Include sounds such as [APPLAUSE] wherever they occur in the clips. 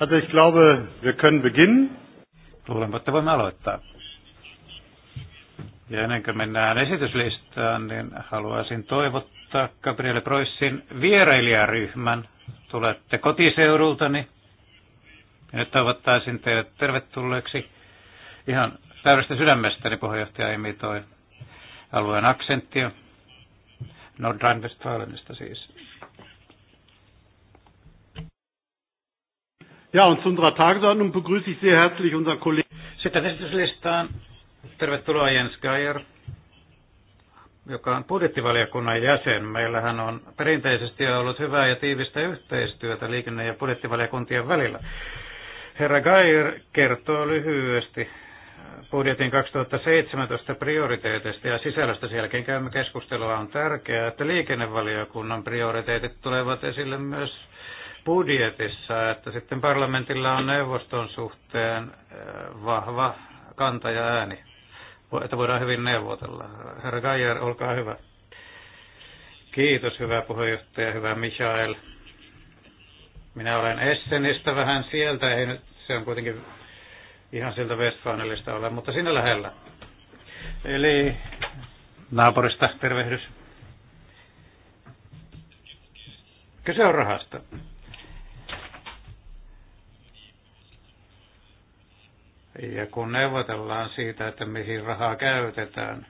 Also ich glaube, wir können beginnen. Luulenpa, että voimme aloittaa. Ja ennen kuin mennään esityslistaan, niin haluaisin toivottaa Gabriele Proissin vierailijaryhmän. Tulette kotiseudultani. Ja nyt toivottaisin teidät tervetulleeksi ihan täydestä sydämestäni puheenjohtaja imitoi alueen aksenttia. Nordrhein-Westfalenista siis. Ja, und zu unserer Tagesordnung begrüße ich sehr herzlich unseren Kollegen. Sitten esityslistaan. Tervetuloa Jens Geier, joka on budjettivaliokunnan jäsen. Meillähän on perinteisesti ollut hyvää ja tiivistä yhteistyötä liikenne- ja budjettivaliokuntien välillä. Herra Geier kertoo lyhyesti budjetin 2017 prioriteeteista ja sisällöstä. Sen jälkeen käymme keskustelua. On tärkeää, että liikennevaliokunnan prioriteetit tulevat esille myös budjetissa, että sitten parlamentilla on neuvoston suhteen äh, vahva kanta ja ääni, että voidaan hyvin neuvotella. Herra Gajer, olkaa hyvä. Kiitos, hyvä puheenjohtaja, hyvä Michael. Minä olen Essenistä vähän sieltä, ei nyt, se on kuitenkin ihan sieltä Westfalenista ole, mutta sinne lähellä. Eli naapurista tervehdys. Kyse on rahasta. Ja kun neuvotellaan siitä, että mihin rahaa käytetään,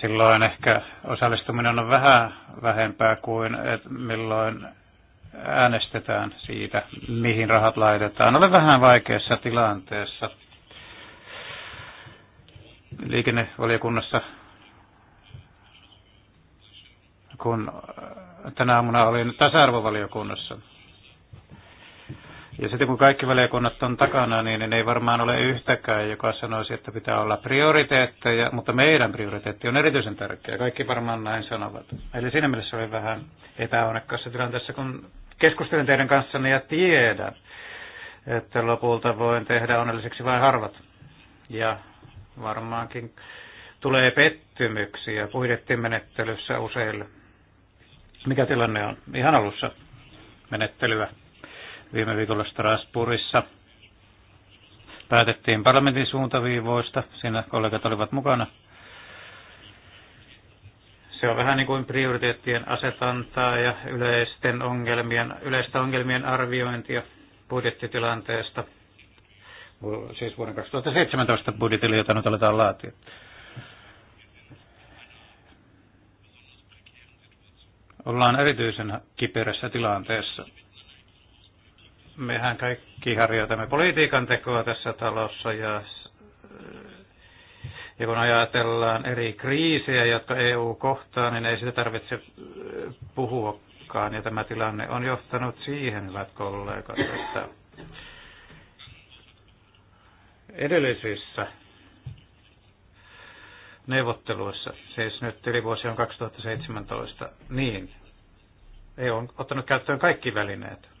silloin ehkä osallistuminen on vähän vähempää kuin että milloin äänestetään siitä, mihin rahat laitetaan. Olen vähän vaikeassa tilanteessa. Liikennevaliokunnassa, kun tänä aamuna olin tasa-arvovaliokunnassa, ja sitten kun kaikki valiokunnat on takana, niin ei varmaan ole yhtäkään, joka sanoisi, että pitää olla prioriteetteja, mutta meidän prioriteetti on erityisen tärkeä. Kaikki varmaan näin sanovat. Eli siinä mielessä olen vähän epäonnekkaassa tilanteessa, kun keskustelen teidän kanssanne ja tiedän, että lopulta voin tehdä onnelliseksi vain harvat. Ja varmaankin tulee pettymyksiä budjettimenettelyssä useille. Mikä tilanne on? Ihan alussa menettelyä Viime viikolla Strasbourgissa päätettiin parlamentin suuntaviivoista. Siinä kollegat olivat mukana. Se on vähän niin kuin prioriteettien asetantaa ja yleisten ongelmien, yleistä ongelmien arviointia budjettitilanteesta. Siis vuoden 2017 budjetille, jota nyt aletaan laatia. Ollaan erityisen kiperässä tilanteessa mehän kaikki harjoitamme politiikan tekoa tässä talossa ja, ja kun ajatellaan eri kriisejä, jotka EU kohtaa, niin ei sitä tarvitse puhuakaan. Ja tämä tilanne on johtanut siihen, hyvät kollegat, että edellisissä neuvotteluissa, siis nyt vuosi on 2017, niin EU on ottanut käyttöön kaikki välineet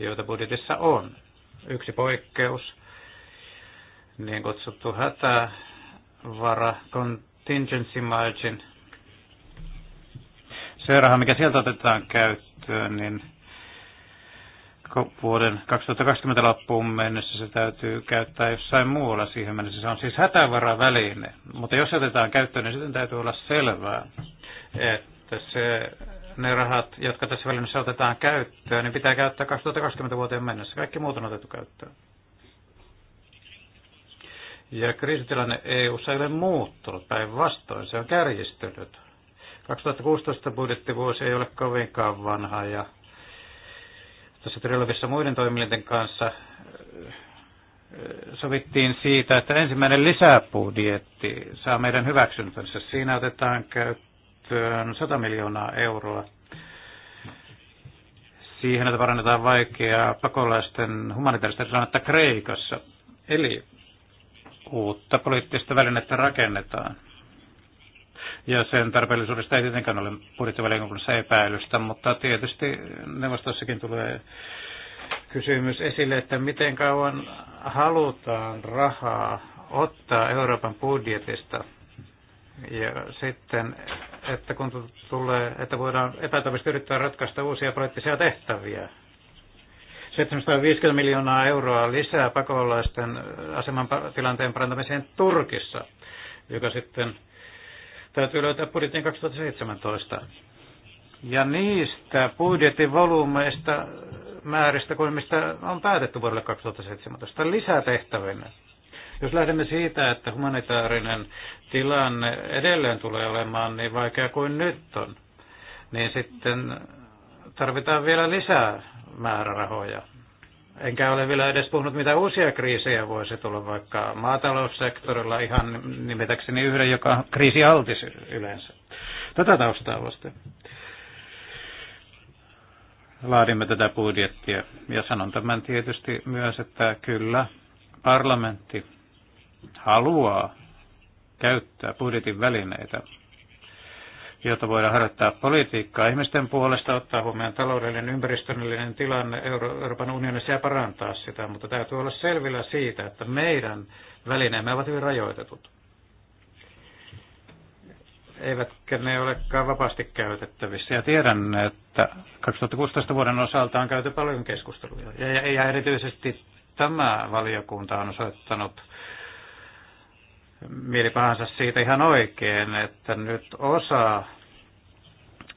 joita budjetissa on. Yksi poikkeus, niin kutsuttu hätävara, contingency margin. Se raha, mikä sieltä otetaan käyttöön, niin vuoden 2020 loppuun mennessä se täytyy käyttää jossain muualla siihen mennessä. Se on siis hätävaraväline, mutta jos otetaan käyttöön, niin sitten täytyy olla selvää, että se ne rahat, jotka tässä välineessä otetaan käyttöön, niin pitää käyttää 2020 vuoteen mennessä. Kaikki muut on otettu käyttöön. Ja kriisitilanne eu ei ole muuttunut, päinvastoin se on kärjistynyt. 2016 budjettivuosi ei ole kovinkaan vanha ja tässä trilogissa muiden toimijoiden kanssa äh, sovittiin siitä, että ensimmäinen lisäbudjetti saa meidän hyväksyntänsä. Siinä otetaan käyttöön käyttöön 100 miljoonaa euroa. Siihen, että parannetaan vaikeaa pakolaisten humanitaarista tilannetta Kreikassa. Eli uutta poliittista välinettä rakennetaan. Ja sen tarpeellisuudesta ei tietenkään ole budjettivaliokunnassa epäilystä, mutta tietysti neuvostossakin tulee kysymys esille, että miten kauan halutaan rahaa ottaa Euroopan budjetista ja sitten että kun tulee, että voidaan epätoivisesti yrittää ratkaista uusia poliittisia tehtäviä. 750 miljoonaa euroa lisää pakolaisten aseman tilanteen parantamiseen Turkissa, joka sitten täytyy löytää budjettiin 2017. Ja niistä budjetin volyymeista määristä kuin mistä on päätetty vuodelle 2017 lisätehtävinä. Jos lähdemme siitä, että humanitaarinen tilanne edelleen tulee olemaan niin vaikea kuin nyt on, niin sitten tarvitaan vielä lisää määrärahoja. Enkä ole vielä edes puhunut, mitä uusia kriisejä voisi tulla, vaikka maataloussektorilla ihan nimetäkseni yhden, joka on kriisialtis yleensä. Tätä taustaa vasten laadimme tätä budjettia. Ja sanon tämän tietysti myös, että kyllä parlamentti haluaa käyttää budjetin välineitä, jotta voidaan harjoittaa politiikkaa ihmisten puolesta, ottaa huomioon taloudellinen ympäristöllinen tilanne Euro- Euroopan unionissa ja parantaa sitä, mutta täytyy olla selvillä siitä, että meidän välineemme ovat hyvin rajoitetut. Eivätkä ne olekaan vapaasti käytettävissä. Ja tiedän, että 2016 vuoden osalta on käyty paljon keskusteluja. Ja, ja erityisesti tämä valiokunta on osoittanut mielipahansa siitä ihan oikein, että nyt osa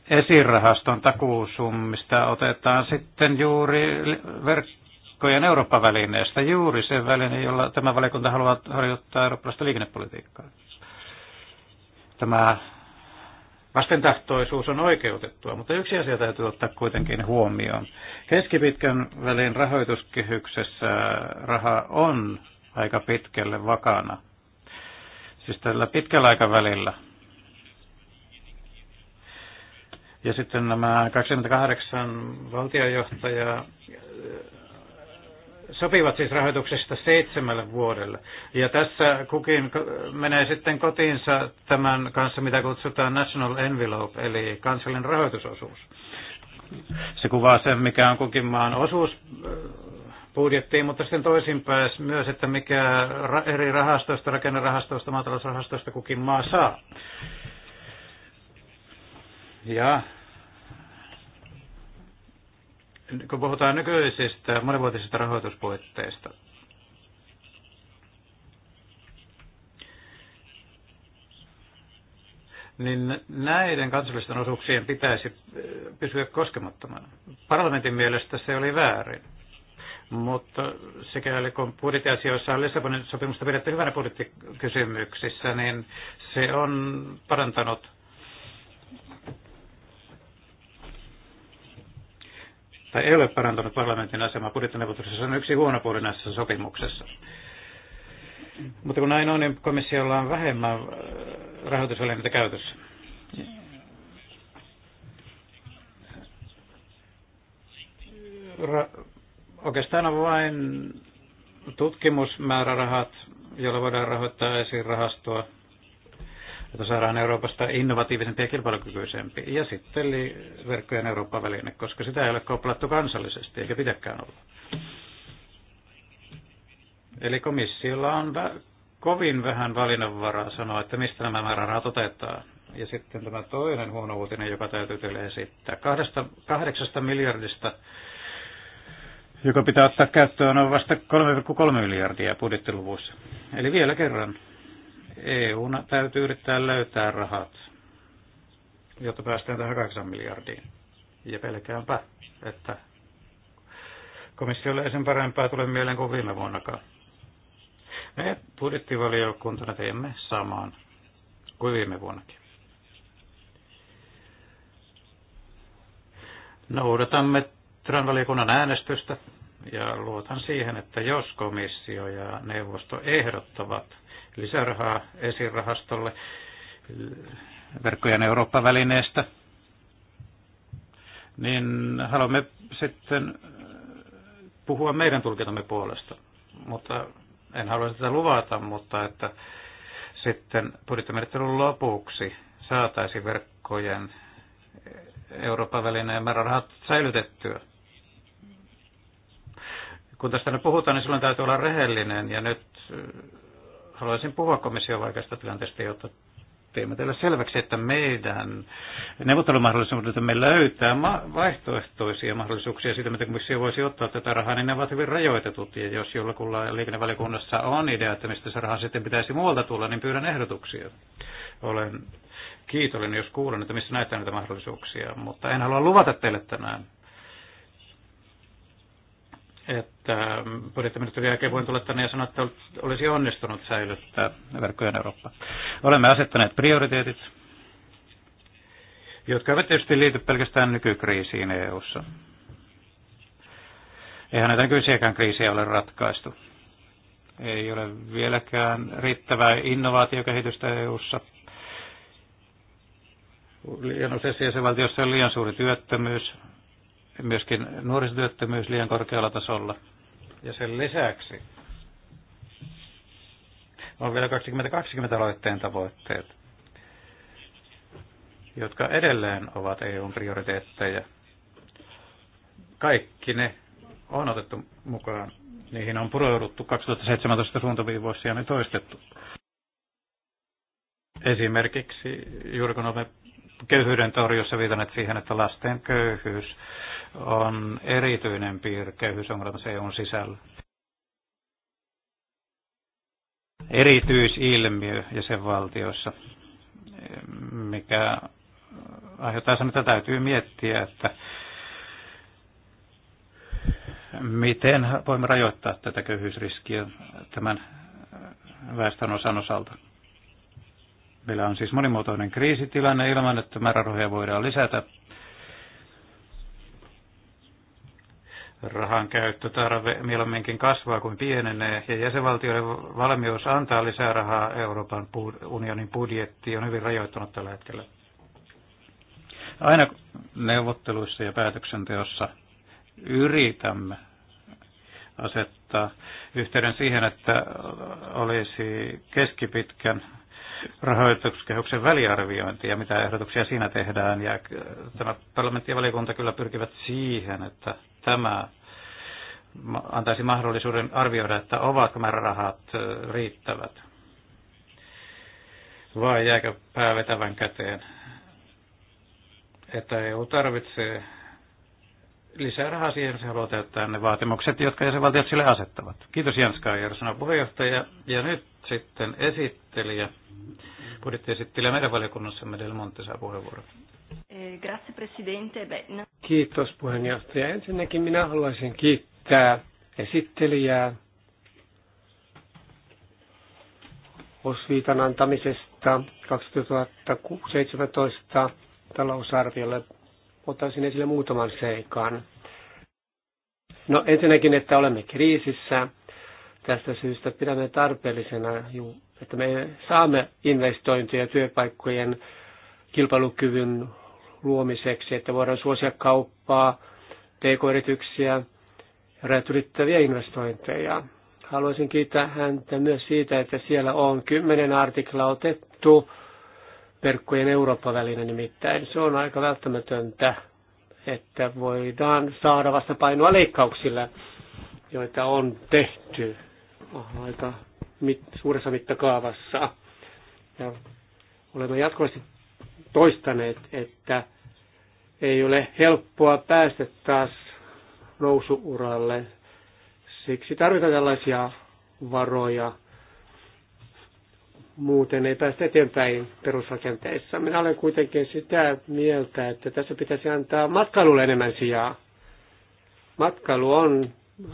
esirahaston takuusummista otetaan sitten juuri verkkojen Eurooppa-välineestä, juuri se väline, jolla tämä valiokunta haluaa harjoittaa eurooppalaista liikennepolitiikkaa. Tämä vastentahtoisuus on oikeutettua, mutta yksi asia täytyy ottaa kuitenkin huomioon. Keskipitkän välin rahoituskehyksessä raha on aika pitkälle vakana Siis tällä pitkällä aikavälillä. Ja sitten nämä 28 valtiojohtajaa äh, sopivat siis rahoituksesta seitsemälle vuodelle. Ja tässä kukin menee sitten kotiinsa tämän kanssa, mitä kutsutaan national envelope, eli kansallinen rahoitusosuus. Se kuvaa sen, mikä on kukin maan osuus äh, budjettiin, mutta sitten toisinpäin myös, että mikä eri rahastoista, rakennerahastoista, maatalousrahastoista kukin maa saa. Ja kun puhutaan nykyisistä monivuotisista rahoituspuitteista, niin näiden kansallisten osuuksien pitäisi eh, pysyä koskemattomana. Parlamentin mielestä se oli väärin. Mutta sekä kun budjettiasioissa on Lissabonin sopimusta pidetty hyvänä budjettikysymyksissä, niin se on parantanut tai ei ole parantanut parlamentin asemaa budjettineuvottelussa. Se on yksi huono puoli näissä sopimuksessa. Mutta kun näin on, niin komissiolla on vähemmän äh, rahoitusvälineitä käytössä. Ra- Oikeastaan vain tutkimusmäärärahat, joilla voidaan rahoittaa rahastoa, että saadaan Euroopasta innovatiivisempi ja kilpailukykyisempi. Ja sitten eli verkkojen Euroopan väline koska sitä ei ole koplattu kansallisesti, eikä pitäkään olla. Eli komissiolla on vä- kovin vähän valinnanvaraa sanoa, että mistä nämä määrärahat otetaan. Ja sitten tämä toinen huono uutinen, joka täytyy teille esittää. Kahdesta, kahdeksasta miljardista joka pitää ottaa käyttöön, on vasta 3,3 miljardia budjettiluvuissa. Eli vielä kerran, EU täytyy yrittää löytää rahat, jotta päästään tähän 8 miljardiin. Ja pelkäänpä, että komissiolle ei sen parempaa tule mieleen kuin viime vuonnakaan. Me budjettivaliokuntana teemme samaan kuin viime vuonnakin. Noudatamme työnvaliokunnan äänestystä ja luotan siihen, että jos komissio ja neuvosto ehdottavat lisärahaa esirahastolle verkkojen Eurooppa-välineestä, niin haluamme sitten puhua meidän tulkintamme puolesta. Mutta en halua sitä luvata, mutta että sitten budjettimenettelyn lopuksi saataisiin verkkojen Euroopan välineen määrärahat säilytettyä kun tästä nyt puhutaan, niin silloin täytyy olla rehellinen. Ja nyt äh, haluaisin puhua komission vaikeasta tilanteesta, jotta teemme teille selväksi, että meidän neuvottelumahdollisuudet me löytää vaihtoehtoisia mahdollisuuksia siitä, mitä komissio voisi ottaa tätä rahaa, niin ne ovat hyvin rajoitetut. Ja jos jollakulla liikennevaliokunnassa on idea, että mistä se raha sitten pitäisi muualta tulla, niin pyydän ehdotuksia. Olen kiitollinen, jos kuulen, että missä näitä näitä mahdollisuuksia, mutta en halua luvata teille tänään että budjettiministerin jälkeen voin tulla tänne ja sanoa, että olisi onnistunut säilyttää verkkojen Eurooppa. Olemme asettaneet prioriteetit, jotka eivät tietysti liity pelkästään nykykriisiin EU-ssa. Eihän näitä nykyisiäkään kriisiä ole ratkaistu. Ei ole vieläkään riittävää innovaatiokehitystä EU-ssa. Liian useissa jäsenvaltioissa on liian suuri työttömyys, myöskin nuorisotyöttömyys liian korkealla tasolla. Ja sen lisäksi on vielä 2020 aloitteen tavoitteet, jotka edelleen ovat EUn prioriteetteja. Kaikki ne on otettu mukaan. Niihin on pureuduttu 2017 suuntaviivoissa ja ne toistettu. Esimerkiksi juuri kun olemme köyhyyden torjussa viitanneet siihen, että lasten köyhyys on erityinen piirre köyhyysongelmassa EUn sisällä. Erityisilmiö ja valtiossa, mikä aiheuttaa sen, että täytyy miettiä, että miten voimme rajoittaa tätä köyhyysriskiä tämän väestön osan osalta. Meillä on siis monimuotoinen kriisitilanne ilman, että määrärahoja voidaan lisätä rahan käyttötarve mieluumminkin kasvaa kuin pienenee, ja jäsenvaltioiden valmius antaa lisää rahaa Euroopan unionin budjettiin on hyvin rajoittunut tällä hetkellä. Aina neuvotteluissa ja päätöksenteossa yritämme asettaa yhteyden siihen, että olisi keskipitkän rahoituskehyksen väliarviointi ja mitä ehdotuksia siinä tehdään. Ja tämä parlamentti ja valiokunta kyllä pyrkivät siihen, että tämä antaisi mahdollisuuden arvioida, että ovatko määrärahat riittävät vai jääkö pää vetävän käteen. Että EU tarvitsee lisää rahaa siihen, jos haluaa täyttää ne vaatimukset, jotka jäsenvaltiot sille asettavat. Kiitos Jens Kajer, sanoi puheenjohtaja. Ja nyt sitten esittelijä, budjettiesittelijä meidän valiokunnassamme Del Monte saa puheenvuoron. Eh, grazie Presidente. No- Kiitos puheenjohtaja. Ensinnäkin minä haluaisin kiittää esittelijää osviitan antamisesta 2017 talousarviolle ottaisin esille muutaman seikan. No ensinnäkin, että olemme kriisissä. Tästä syystä pidämme tarpeellisena, että me saamme investointeja työpaikkojen kilpailukyvyn luomiseksi, että voidaan suosia kauppaa, pk-yrityksiä, ja ylittäviä investointeja. Haluaisin kiittää häntä myös siitä, että siellä on kymmenen artikla otettu verkkojen Eurooppa-väline nimittäin. Se on aika välttämätöntä, että voidaan saada vastapainoa leikkauksille, joita on tehty aika mit, suuressa mittakaavassa. Ja olemme jatkuvasti toistaneet, että ei ole helppoa päästä taas nousuuralle. Siksi tarvitaan tällaisia varoja, muuten ei päästä eteenpäin perusrakenteissa. Minä olen kuitenkin sitä mieltä, että tässä pitäisi antaa matkailulle enemmän sijaa. Matkailu on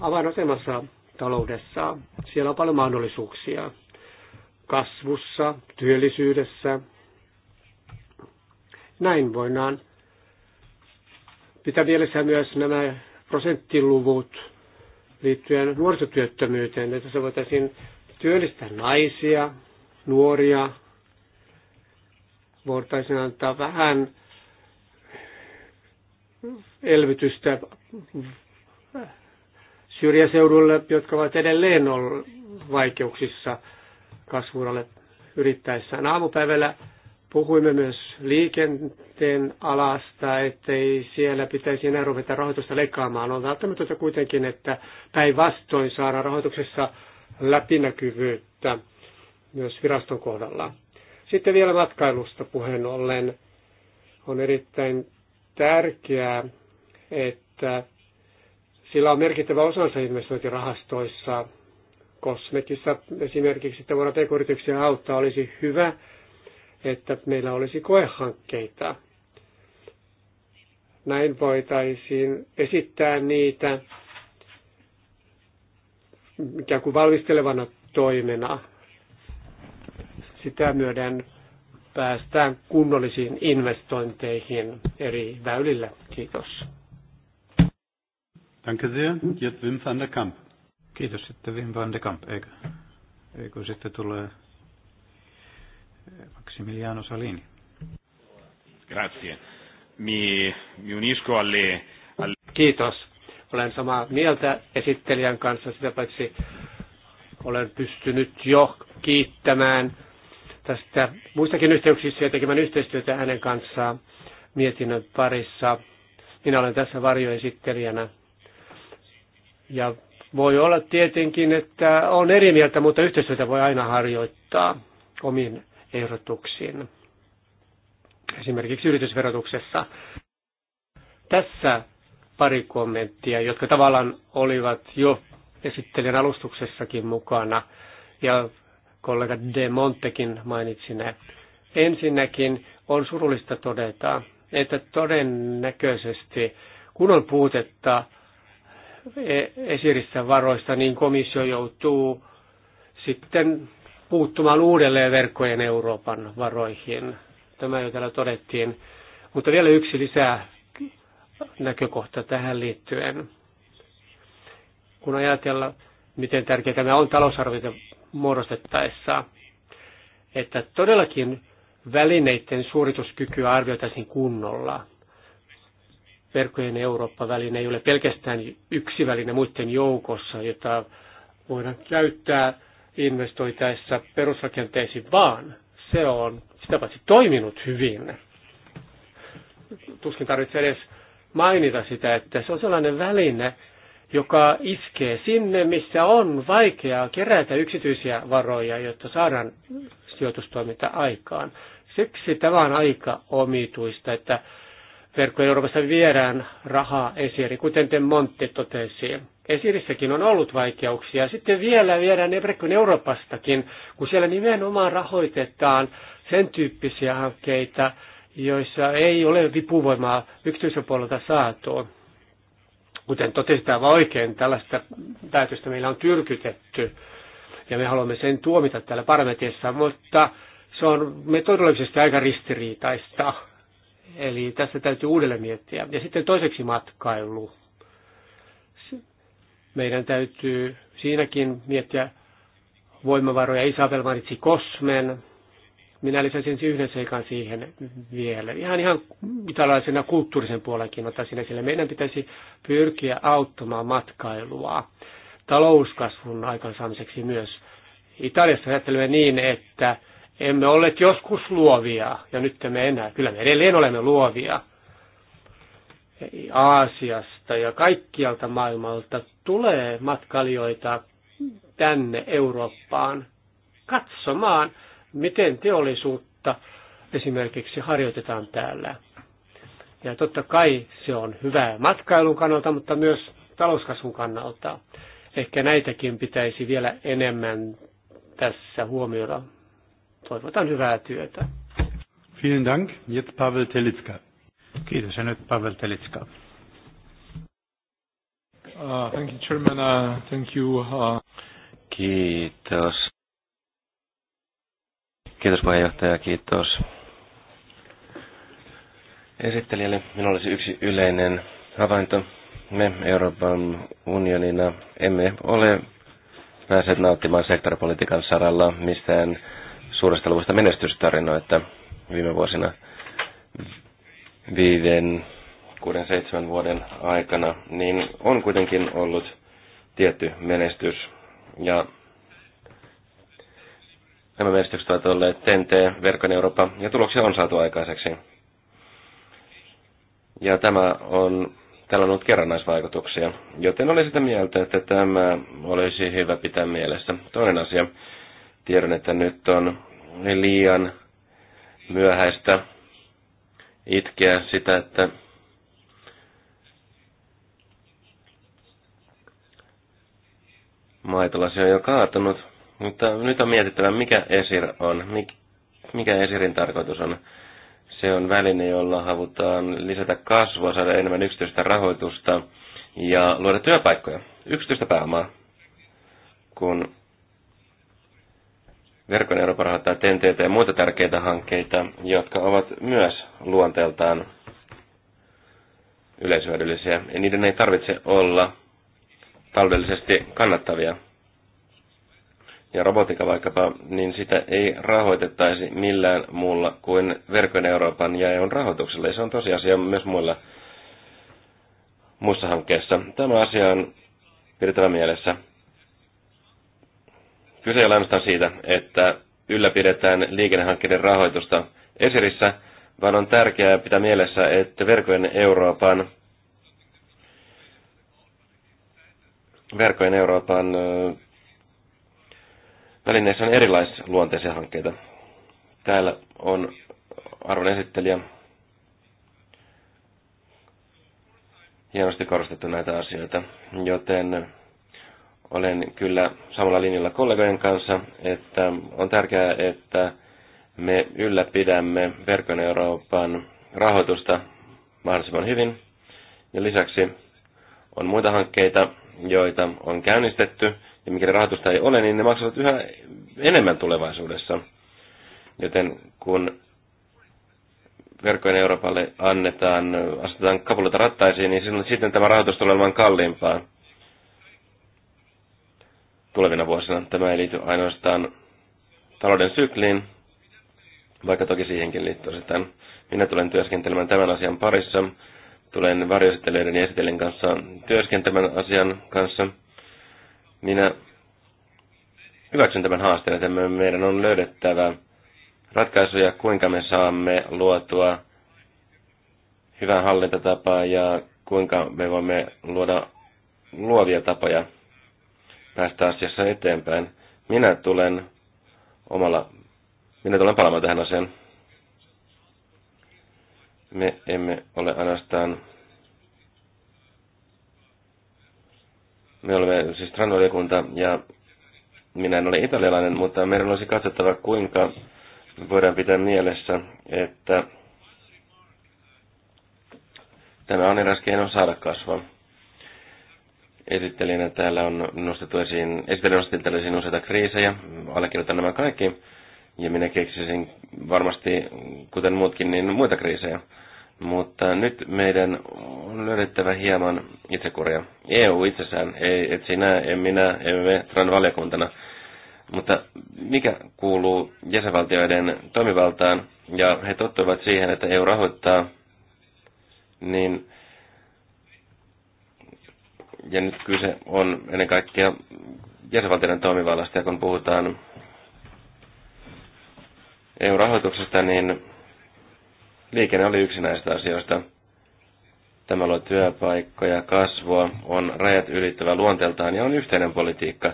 avainasemassa taloudessa. Siellä on paljon mahdollisuuksia kasvussa, työllisyydessä. Näin voidaan pitää mielessä myös nämä prosenttiluvut liittyen nuorisotyöttömyyteen, että se voitaisiin työllistää naisia, nuoria. Voitaisiin antaa vähän elvytystä syrjäseudulle, jotka ovat edelleen vaikeuksissa kasvuralle yrittäessään. Aamupäivällä puhuimme myös liikenteen alasta, ettei siellä pitäisi enää ruveta rahoitusta leikkaamaan. On välttämätöntä kuitenkin, että päinvastoin saadaan rahoituksessa läpinäkyvyyttä myös viraston kohdalla. Sitten vielä matkailusta puheen ollen on erittäin tärkeää, että sillä on merkittävä osansa investointirahastoissa. Kosmetissa esimerkiksi, että voidaan pk auttaa, olisi hyvä, että meillä olisi koehankkeita. Näin voitaisiin esittää niitä ikään kuin valmistelevana toimena sitä myöden päästään kunnollisiin investointeihin eri väylillä. Kiitos. Danke sehr. Jetzt Wim van der Kamp. Kiitos sitten Wim van der Kamp. Eikö, eikö sitten tulee Maximiliano Salini. Grazie. Mi, mi unisco alle, alle... Kiitos. Olen samaa mieltä esittelijän kanssa, sitä paitsi olen pystynyt jo kiittämään tästä muistakin yhteyksissä ja tekemään yhteistyötä hänen kanssaan mietinnön parissa. Minä olen tässä varjoesittelijänä. Ja voi olla tietenkin, että on eri mieltä, mutta yhteistyötä voi aina harjoittaa omiin ehdotuksiin. Esimerkiksi yritysverotuksessa. Tässä pari kommenttia, jotka tavallaan olivat jo esittelijän alustuksessakin mukana. Ja kollega De Montekin mainitsi ne. Ensinnäkin on surullista todeta, että todennäköisesti kun on puutetta e- esirissä varoista, niin komissio joutuu sitten puuttumaan uudelleen verkkojen Euroopan varoihin. Tämä jo täällä todettiin. Mutta vielä yksi lisää näkökohta tähän liittyen. Kun ajatellaan, miten tärkeää tämä on talousarvioiden muodostettaessa, että todellakin välineiden suorituskykyä arvioitaisiin kunnolla. Verkkojen Eurooppa-väline ei ole pelkästään yksi väline muiden joukossa, jota voidaan käyttää investoitaessa perusrakenteisiin, vaan se on sitä paitsi toiminut hyvin. Tuskin tarvitsee edes mainita sitä, että se on sellainen väline, joka iskee sinne, missä on vaikeaa kerätä yksityisiä varoja, jotta saadaan sijoitustoiminta aikaan. Siksi tämä on aika omituista, että verkko Euroopassa viedään rahaa esiri, kuten te Montti totesi. Esirissäkin on ollut vaikeuksia. Sitten vielä viedään Ebrekon Euroopastakin, kun siellä nimenomaan rahoitetaan sen tyyppisiä hankkeita, joissa ei ole vipuvoimaa yksityisen puolelta saatu. Kuten totesit aivan oikein, tällaista päätöstä meillä on tyrkytetty ja me haluamme sen tuomita täällä parlamentissa, mutta se on metodologisesti aika ristiriitaista. Eli tässä täytyy uudelleen miettiä. Ja sitten toiseksi matkailu. Meidän täytyy siinäkin miettiä voimavaroja. Isabel mainitsi Kosmen. Minä lisäsin yhden seikan siihen vielä. Ihan ihan italaisena kulttuurisen puolenkin ottaisin esille. Meidän pitäisi pyrkiä auttamaan matkailua talouskasvun aikaansaamiseksi myös. Italiassa ajattelemme niin, että emme olleet joskus luovia ja nyt me enää. Kyllä me edelleen olemme luovia. Aasiasta ja kaikkialta maailmalta tulee matkailijoita tänne Eurooppaan katsomaan – miten teollisuutta esimerkiksi harjoitetaan täällä. Ja totta kai se on hyvää matkailun kannalta, mutta myös talouskasvun kannalta. Ehkä näitäkin pitäisi vielä enemmän tässä huomioida. Toivotan hyvää työtä. Vielen Dank. Jetzt Pavel Telitska. Kiitos ja nyt Pavel Telitska. Uh, thank you, Chairman. Uh, thank you. Uh... Kiitos Kiitos puheenjohtaja, kiitos esittelijälle. Minulla olisi yksi yleinen havainto. Me Euroopan unionina emme ole päässeet nauttimaan sektoripolitiikan saralla mistään suuresta luvusta menestystarinoita viime vuosina viiden, kuuden, seitsemän vuoden aikana, niin on kuitenkin ollut tietty menestys. Ja Nämä menestykset ovat olleet TNT, Verkon Eurooppa, ja tuloksia on saatu aikaiseksi. Ja tämä on, tällä on ollut kerrannaisvaikutuksia, joten olen sitä mieltä, että tämä olisi hyvä pitää mielessä. Toinen asia, tiedän, että nyt on liian myöhäistä itkeä sitä, että maitolasi on jo kaatunut, mutta nyt on mietittävä, mikä ESIR on, mikä ESIRin tarkoitus on. Se on väline, jolla halutaan lisätä kasvua, saada enemmän yksityistä rahoitusta ja luoda työpaikkoja, yksityistä pääomaa. Kun Verkon Eurooppa rahoittaa TNTT ja muita tärkeitä hankkeita, jotka ovat myös luonteeltaan yleishyödyllisiä. Ja niiden ei tarvitse olla taloudellisesti kannattavia ja robotiikka vaikkapa, niin sitä ei rahoitettaisi millään muulla kuin verkon Euroopan ja EUn rahoituksella. Ja se on tosiasia myös muilla muissa hankkeissa. Tämä asia on pidettävä mielessä. Kyse ei ainoastaan siitä, että ylläpidetään liikennehankkeiden rahoitusta esirissä, vaan on tärkeää pitää mielessä, että verkojen Euroopan verkojen Euroopan välineissä on erilaisluonteisia hankkeita. Täällä on arvon esittelijä hienosti korostettu näitä asioita, joten olen kyllä samalla linjalla kollegojen kanssa, että on tärkeää, että me ylläpidämme Verkon Euroopan rahoitusta mahdollisimman hyvin. Ja lisäksi on muita hankkeita, joita on käynnistetty – ja mikäli rahoitusta ei ole, niin ne maksavat yhä enemmän tulevaisuudessa. Joten kun verkkojen Euroopalle annetaan, asetetaan kapuloita rattaisiin, niin silloin, sitten tämä rahoitus tulee olemaan kalliimpaa tulevina vuosina. Tämä ei liity ainoastaan talouden sykliin, vaikka toki siihenkin liittyy sitä. Minä tulen työskentelemään tämän asian parissa. Tulen varjoesittelijöiden ja esitellen kanssa työskentelemään asian kanssa. Minä hyväksyn tämän haasteen, että meidän on löydettävä ratkaisuja, kuinka me saamme luotua hyvän hallintatapaa ja kuinka me voimme luoda luovia tapoja päästä asiassa eteenpäin. Minä tulen omalla, minä tulen palaamaan tähän asiaan. Me emme ole ainoastaan Me olemme siis tranvaliokunta ja minä en ole italialainen, mutta meidän olisi katsottava, kuinka voidaan pitää mielessä, että tämä on eräs keino saada kasvaa. Esittelijänä täällä on nostettu esiin, esittelijänä nostettiin täällä esiin useita kriisejä, allekirjoitan nämä kaikki, ja minä keksisin varmasti, kuten muutkin, niin muita kriisejä. Mutta nyt meidän on löydettävä hieman itsekuria. EU itsessään, ei, et sinä, en minä, emme me, Tran valiokuntana. Mutta mikä kuuluu jäsenvaltioiden toimivaltaan, ja he tottuvat siihen, että EU rahoittaa, niin ja nyt kyse on ennen kaikkea jäsenvaltioiden toimivallasta, ja kun puhutaan EU-rahoituksesta, niin Liikenne oli yksi näistä asioista. Tämä luo työpaikkoja, kasvua, on rajat ylittävä luonteeltaan ja on yhteinen politiikka,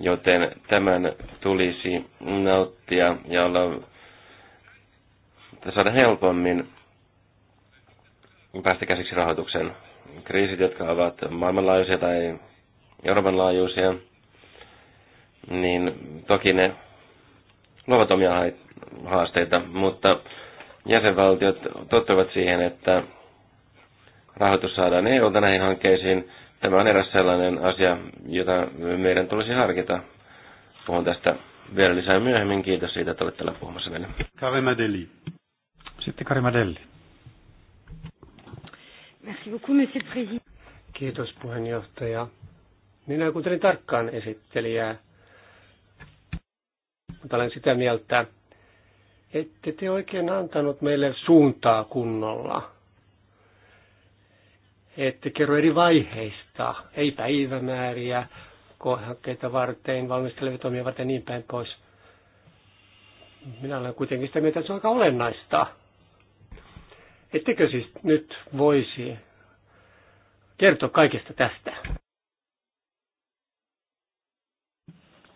joten tämän tulisi nauttia ja olla, saada helpommin päästä käsiksi rahoituksen. Kriisit, jotka ovat maailmanlaajuisia tai Euroopan laajuisia, niin toki ne luovat omia haasteita, mutta jäsenvaltiot tottuvat siihen, että rahoitus saadaan eu näihin hankkeisiin. Tämä on eräs sellainen asia, jota meidän tulisi harkita. Puhun tästä vielä lisää myöhemmin. Kiitos siitä, että olette täällä puhumassa meille. Karima Deli. Sitten Karima Deli. Kiitos puheenjohtaja. Minä kuuntelin tarkkaan esittelijää, mutta olen sitä mieltä, ette te oikein antanut meille suuntaa kunnolla. Ette kerro eri vaiheista, ei päivämääriä, hankkeita varten, valmistelevia toimia varten niin päin pois. Minä olen kuitenkin sitä mieltä, että se on aika olennaista. Ettekö siis nyt voisi kertoa kaikesta tästä?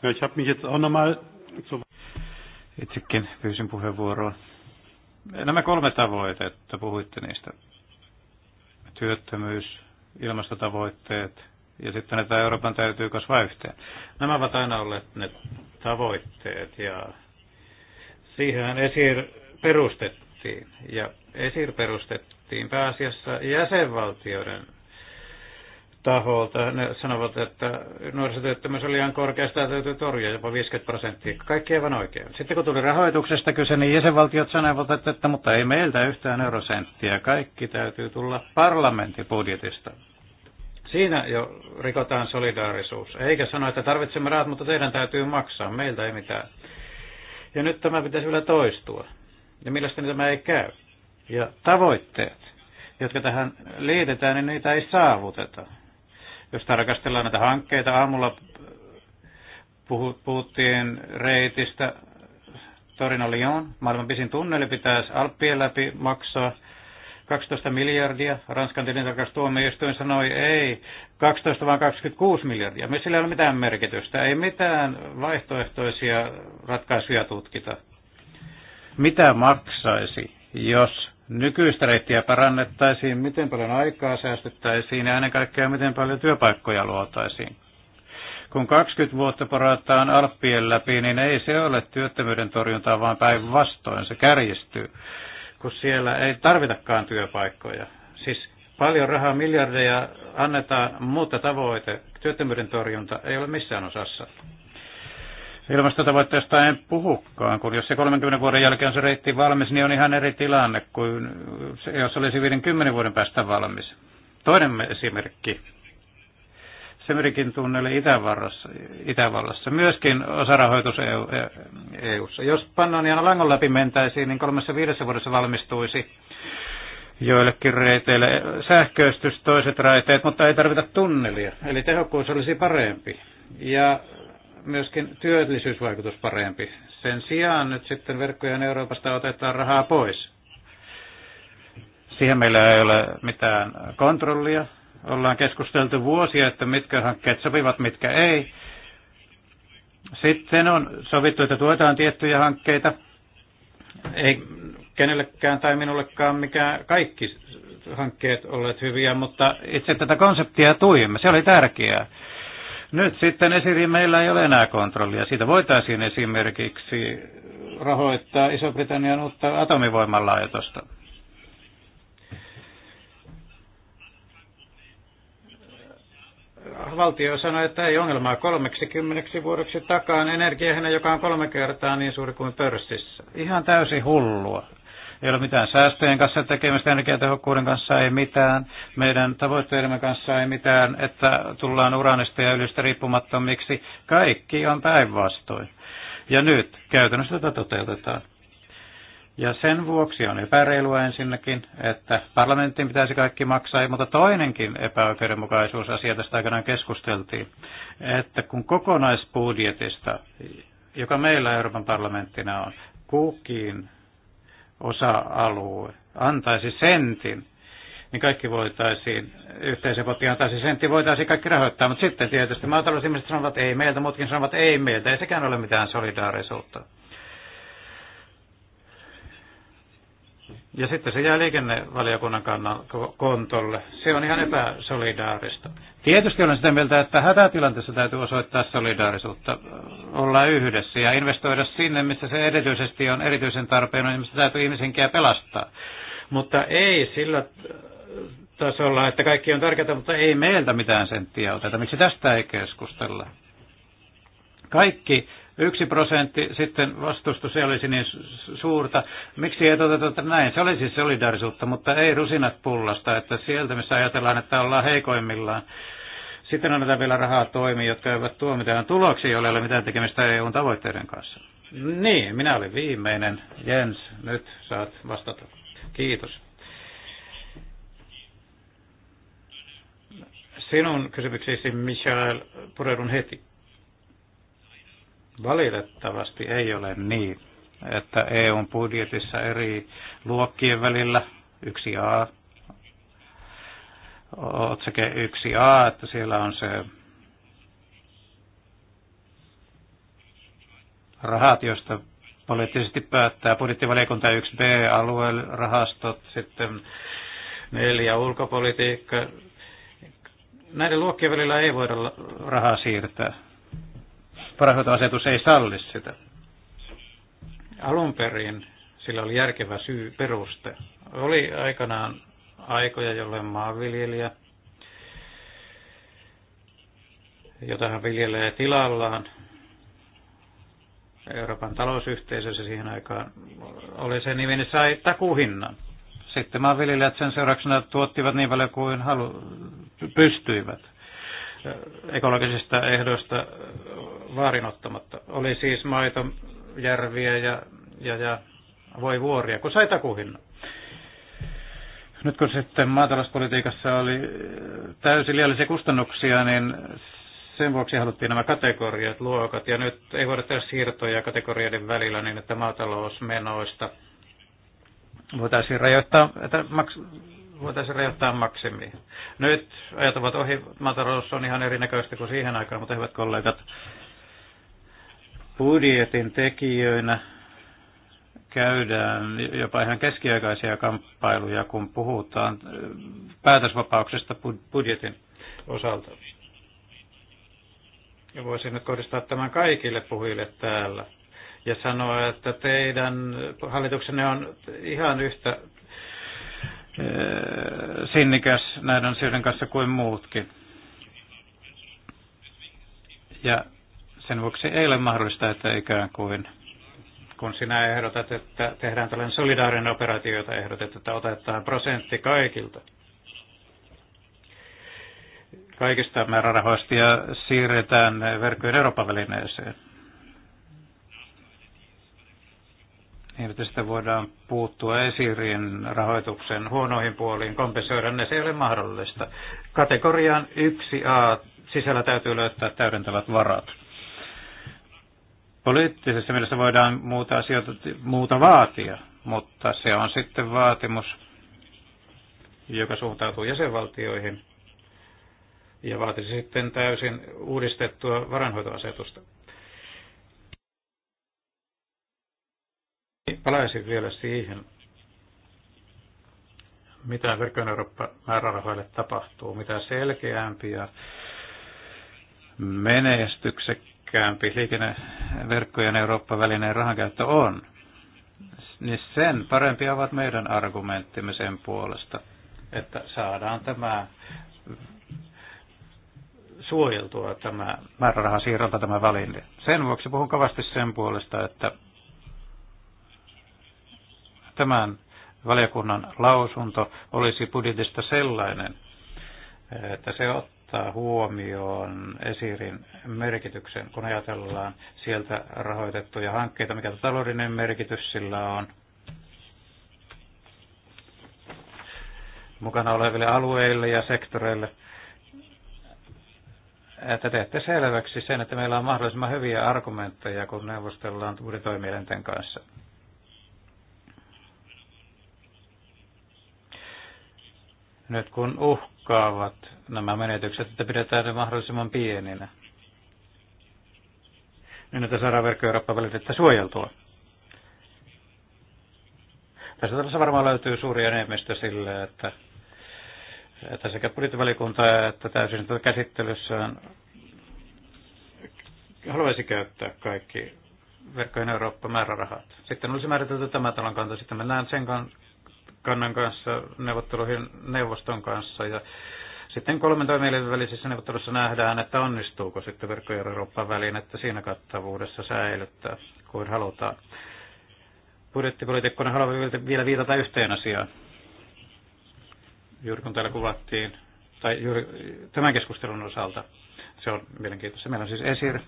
Ja, ich habe mich jetzt auch zu Itsekin pyysin puheenvuoroa. Nämä kolme tavoitetta, puhuitte niistä. Työttömyys, ilmastotavoitteet ja sitten, että Euroopan täytyy kasvaa yhteen. Nämä ovat aina olleet ne tavoitteet ja siihen esir perustettiin. Ja esir perustettiin pääasiassa jäsenvaltioiden taholta. Ne sanovat, että nuorisotyöttömyys oli ihan korkeasta sitä täytyy torjua jopa 50 prosenttia. Kaikki aivan oikein. Sitten kun tuli rahoituksesta kyse, niin jäsenvaltiot sanoivat, että, että mutta ei meiltä yhtään eurosenttiä. Kaikki täytyy tulla parlamenttibudjetista. Siinä jo rikotaan solidaarisuus. Eikä sano, että tarvitsemme rahat, mutta teidän täytyy maksaa. Meiltä ei mitään. Ja nyt tämä pitäisi vielä toistua. Ja mielestäni tämä ei käy. Ja tavoitteet, jotka tähän liitetään, niin niitä ei saavuteta jos tarkastellaan näitä hankkeita, aamulla puhuttiin reitistä Torino Lyon, maailman pisin tunneli pitäisi Alppien läpi maksaa 12 miljardia. Ranskan tilintarkastuomioistuin sanoi ei, 12 vaan 26 miljardia. Me sillä ei ole mitään merkitystä, ei mitään vaihtoehtoisia ratkaisuja tutkita. Mitä maksaisi, jos nykyistä reittiä parannettaisiin, miten paljon aikaa säästettäisiin ja ennen kaikkea miten paljon työpaikkoja luotaisiin. Kun 20 vuotta porataan Alppien läpi, niin ei se ole työttömyyden torjuntaa, vaan päinvastoin se kärjistyy, kun siellä ei tarvitakaan työpaikkoja. Siis paljon rahaa, miljardeja annetaan, mutta tavoite, työttömyyden torjunta, ei ole missään osassa. Ilmastotavoitteesta en puhukaan, kun jos se 30 vuoden jälkeen on se reitti valmis, niin on ihan eri tilanne kuin se, jos olisi 50 vuoden päästä valmis. Toinen esimerkki. Semerikin tunneli Itävallassa, Itävallassa. myöskin osarahoitus EU, EU-ssa. E jos pannon ja langon läpi mentäisiin, niin kolmessa viidessä vuodessa valmistuisi joillekin reiteille sähköistys, toiset raiteet, mutta ei tarvita tunnelia. Eli tehokkuus olisi parempi. Ja myöskin työllisyysvaikutus parempi. Sen sijaan nyt sitten verkkojen Euroopasta otetaan rahaa pois. Siihen meillä ei ole mitään kontrollia. Ollaan keskusteltu vuosia, että mitkä hankkeet sopivat, mitkä ei. Sitten on sovittu, että tuetaan tiettyjä hankkeita. Ei kenellekään tai minullekaan mikä kaikki hankkeet olleet hyviä, mutta itse tätä konseptia tuimme. Se oli tärkeää. Nyt sitten esiin meillä ei ole enää kontrollia. Siitä voitaisiin esimerkiksi rahoittaa Iso-Britannian uutta atomivoimalaitosta. valtio sanoi, että ei ongelmaa 30 vuodeksi takaan energiahenä, joka on kolme kertaa niin suuri kuin pörssissä. Ihan täysin hullua. Ei ole mitään säästöjen kanssa tekemistä, energiatehokkuuden kanssa ei mitään, meidän tavoitteidemme kanssa ei mitään, että tullaan uranista ja ylistä riippumattomiksi. Kaikki on päinvastoin. Ja nyt käytännössä tätä toteutetaan. Ja sen vuoksi on epäreilua ensinnäkin, että parlamentin pitäisi kaikki maksaa, mutta toinenkin asia tästä aikanaan keskusteltiin, että kun kokonaisbudjetista, joka meillä Euroopan parlamenttina on, kukin osa-alue antaisi sentin, niin kaikki voitaisiin, yhteisöpotti antaisi sentti, voitaisiin kaikki rahoittaa. Mutta sitten tietysti maatalousihmiset sanovat ei meiltä, muutkin sanovat ei meiltä. Ei sekään ole mitään solidaarisuutta. Ja sitten se jää liikennevaliokunnan kannan kontolle. Se on ihan epäsolidaarista. Tietysti olen sitä mieltä, että hätätilanteessa täytyy osoittaa solidaarisuutta, äh, olla yhdessä ja investoida sinne, missä se erityisesti on erityisen tarpeen, on, niin missä täytyy ihmisenkiä pelastaa. Mutta ei sillä äh, tasolla, että kaikki on tärkeää, mutta ei meiltä mitään senttiä oteta. Miksi tästä ei keskustella? Kaikki yksi prosentti, sitten vastustus ei olisi niin suurta. Miksi ei toteuteta näin? Se olisi solidaarisuutta, mutta ei rusinat pullasta, että sieltä missä ajatellaan, että ollaan heikoimmillaan. Sitten annetaan vielä rahaa toimia, jotka eivät tuo mitään tuloksia, joilla ei ole mitään tekemistä eu tavoitteiden kanssa. Niin, minä olin viimeinen. Jens, nyt saat vastata. Kiitos. Sinun kysymyksesi, Michael, pureudun heti. Valitettavasti ei ole niin, että EUn budjetissa eri luokkien välillä yksi a otsake 1a, että siellä on se rahat, joista poliittisesti päättää budjettivaliokunta 1b, aluerahastot, sitten neljä ulkopolitiikka. Näiden luokkien välillä ei voida rahaa siirtää. Varainhoitoasetus ei salli sitä. Alun perin sillä oli järkevä syy peruste. Oli aikanaan aikoja, jolloin maanviljelijä, jota hän viljelee tilallaan, Euroopan talousyhteisössä siihen aikaan oli se nimi, niin sai takuhinnan. Sitten maanviljelijät sen seurauksena tuottivat niin paljon kuin halu, pystyivät ekologisista ehdoista vaarinottamatta. Oli siis maito, järviä ja, ja, ja voi vuoria, kun sai takuhinnan. Nyt kun sitten maatalouspolitiikassa oli täysin liiallisia kustannuksia, niin sen vuoksi haluttiin nämä kategoriat, luokat, ja nyt ei voida tehdä siirtoja kategorioiden välillä niin, että maatalousmenoista voitaisiin rajoittaa, että maks- voitaisiin rajoittaa maksimiin. Nyt ajat ovat ohi, maatalous on ihan erinäköistä kuin siihen aikaan, mutta hyvät kollegat, budjetin tekijöinä käydään jopa ihan keskiaikaisia kamppailuja, kun puhutaan äh, päätösvapauksesta budjetin osalta. Ja voisin nyt kohdistaa tämän kaikille puhujille täällä ja sanoa, että teidän hallituksenne on ihan yhtä sinnikäs näiden asioiden kanssa kuin muutkin. Ja sen vuoksi ei ole mahdollista, että ikään kuin kun sinä ehdotat, että tehdään tällainen solidaarinen operaatio, jota ehdotat, että otetaan prosentti kaikilta, kaikista määrärahoista ja siirretään verkkojen Euroopan välineeseen. niin että sitä voidaan puuttua esiriin rahoituksen huonoihin puoliin, kompensoida ne, se ei ole mahdollista. Kategorian 1a sisällä täytyy löytää täydentävät varat. Poliittisessa mielessä voidaan muuta asioita, muuta vaatia, mutta se on sitten vaatimus, joka suuntautuu jäsenvaltioihin ja vaatisi sitten täysin uudistettua varanhoitoasetusta. Palaisin vielä siihen, mitä Verkon Eurooppa-määrärahoille tapahtuu, mitä selkeämpi ja menestyksekkäämpi liikenneverkkojen Eurooppa-välineen rahankäyttö on, niin sen parempi ovat meidän argumenttimme sen puolesta, että saadaan tämä suojeltua tämä määrärahasiirrolta tämä väline. Sen vuoksi puhun kovasti sen puolesta, että tämän valiokunnan lausunto olisi budjetista sellainen, että se ottaa huomioon esirin merkityksen, kun ajatellaan sieltä rahoitettuja hankkeita, mikä taloudellinen merkitys sillä on. mukana oleville alueille ja sektoreille, että teette selväksi sen, että meillä on mahdollisimman hyviä argumentteja, kun neuvostellaan budjetoimielenten kanssa. nyt kun uhkaavat nämä menetykset, että pidetään ne mahdollisimman pieninä. Niin, että saadaan verkkoeurooppa välitettä suojeltua. Tässä talossa varmaan löytyy suuri enemmistö sille, että, että sekä budjettivalikunta että täysin on, haluaisi käyttää kaikki verkkojen Eurooppa-määrärahat. Sitten olisi määritelty tämä talon kanta, sitten mennään sen kannan kanssa neuvotteluihin neuvoston kanssa. Ja sitten kolmen toimielin välisissä neuvottelussa nähdään, että onnistuuko sitten verkkojen Eurooppa väliin, että siinä kattavuudessa säilyttää kuin halutaan. Budjettipolitiikkona haluan vielä viitata yhteen asiaan. Juuri kun täällä kuvattiin, tai juuri tämän keskustelun osalta, se on mielenkiintoista. Meillä on siis ESIR,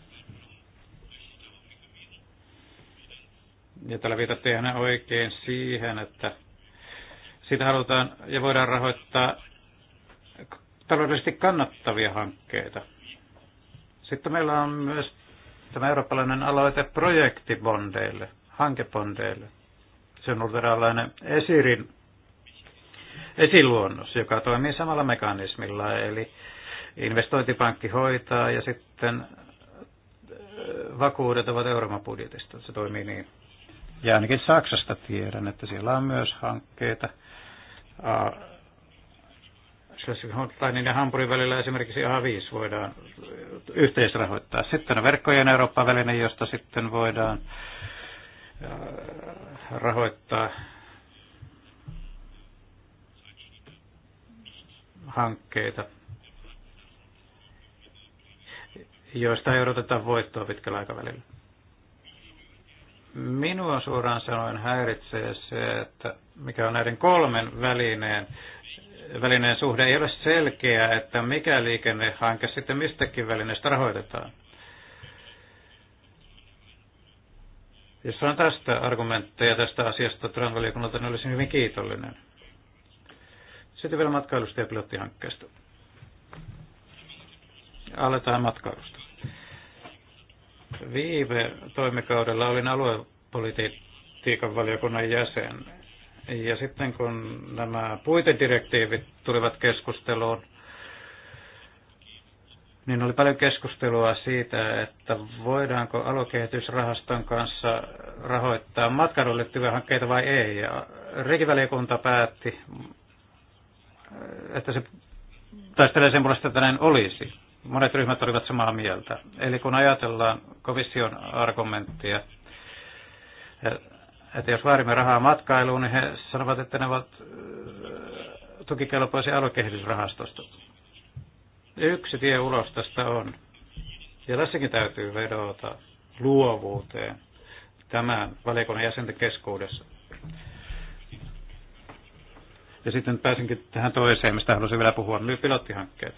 ja tällä viitattiin ihan oikein siihen, että siitä halutaan ja voidaan rahoittaa taloudellisesti kannattavia hankkeita. Sitten meillä on myös tämä eurooppalainen aloite projektibondeille, hankebondeille. Se on ollut eräänlainen esirin, esiluonnos, joka toimii samalla mekanismilla, eli investointipankki hoitaa ja sitten äh, vakuudet ovat Euroopan budjetista. Se toimii niin. Ja ainakin Saksasta tiedän, että siellä on myös hankkeita, Schleswig-Holsteinin ja Hampurin välillä esimerkiksi A5 voidaan yhteisrahoittaa. Sitten on verkkojen Euroopan väline, josta sitten voidaan rahoittaa hankkeita, joista ei odoteta voittoa pitkällä aikavälillä. Minua suoraan sanoen häiritsee se, että mikä on näiden kolmen välineen, välineen suhde. Ei ole selkeää, että mikä liikennehanke sitten mistäkin välineestä rahoitetaan. Jos on tästä argumentteja tästä asiasta Transvaliokunnalta, niin olisin hyvin kiitollinen. Sitten vielä matkailusta ja pilottihankkeesta. Aletaan matkailusta. Viime toimikaudella olin aluepolitiikan valiokunnan jäsen. Ja sitten kun nämä puitedirektiivit tulivat keskusteluun, niin oli paljon keskustelua siitä, että voidaanko aluekehitysrahaston kanssa rahoittaa matkailuun liittyviä hankkeita vai ei. Ja rikivaliokunta päätti, että se taistelee sen puolesta, että näin olisi monet ryhmät olivat samaa mieltä. Eli kun ajatellaan komission argumenttia, että jos vaadimme rahaa matkailuun, niin he sanovat, että ne ovat äh, tukikelpoisia aluekehitysrahastosta. Yksi tie ulos tästä on, ja tässäkin täytyy vedota luovuuteen tämän valiokunnan jäsenten keskuudessa. Ja sitten pääsinkin tähän toiseen, mistä halusin vielä puhua, pilottihankkeet.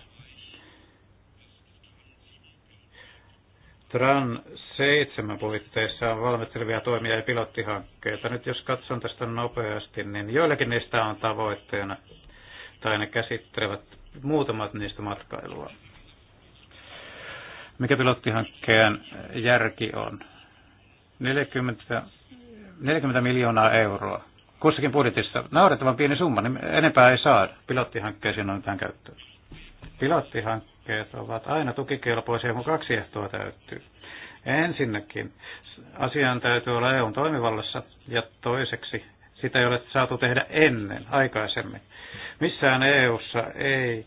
TRAN 7 puitteissa on valmistelevia toimia ja pilottihankkeita. Nyt jos katson tästä nopeasti, niin joillakin niistä on tavoitteena, tai ne käsittelevät muutamat niistä matkailua. Mikä pilottihankkeen järki on? 40, 40 miljoonaa euroa. Kussakin budjetissa naurettavan pieni summa, niin enempää ei saada. Pilottihankkeisiin on tähän käyttöön. Pilottihankkeet ovat aina tukikelpoisia, kun kaksi ehtoa täyttyy. Ensinnäkin asian täytyy olla EUn toimivallassa ja toiseksi sitä ei ole saatu tehdä ennen, aikaisemmin. Missään EUssa ei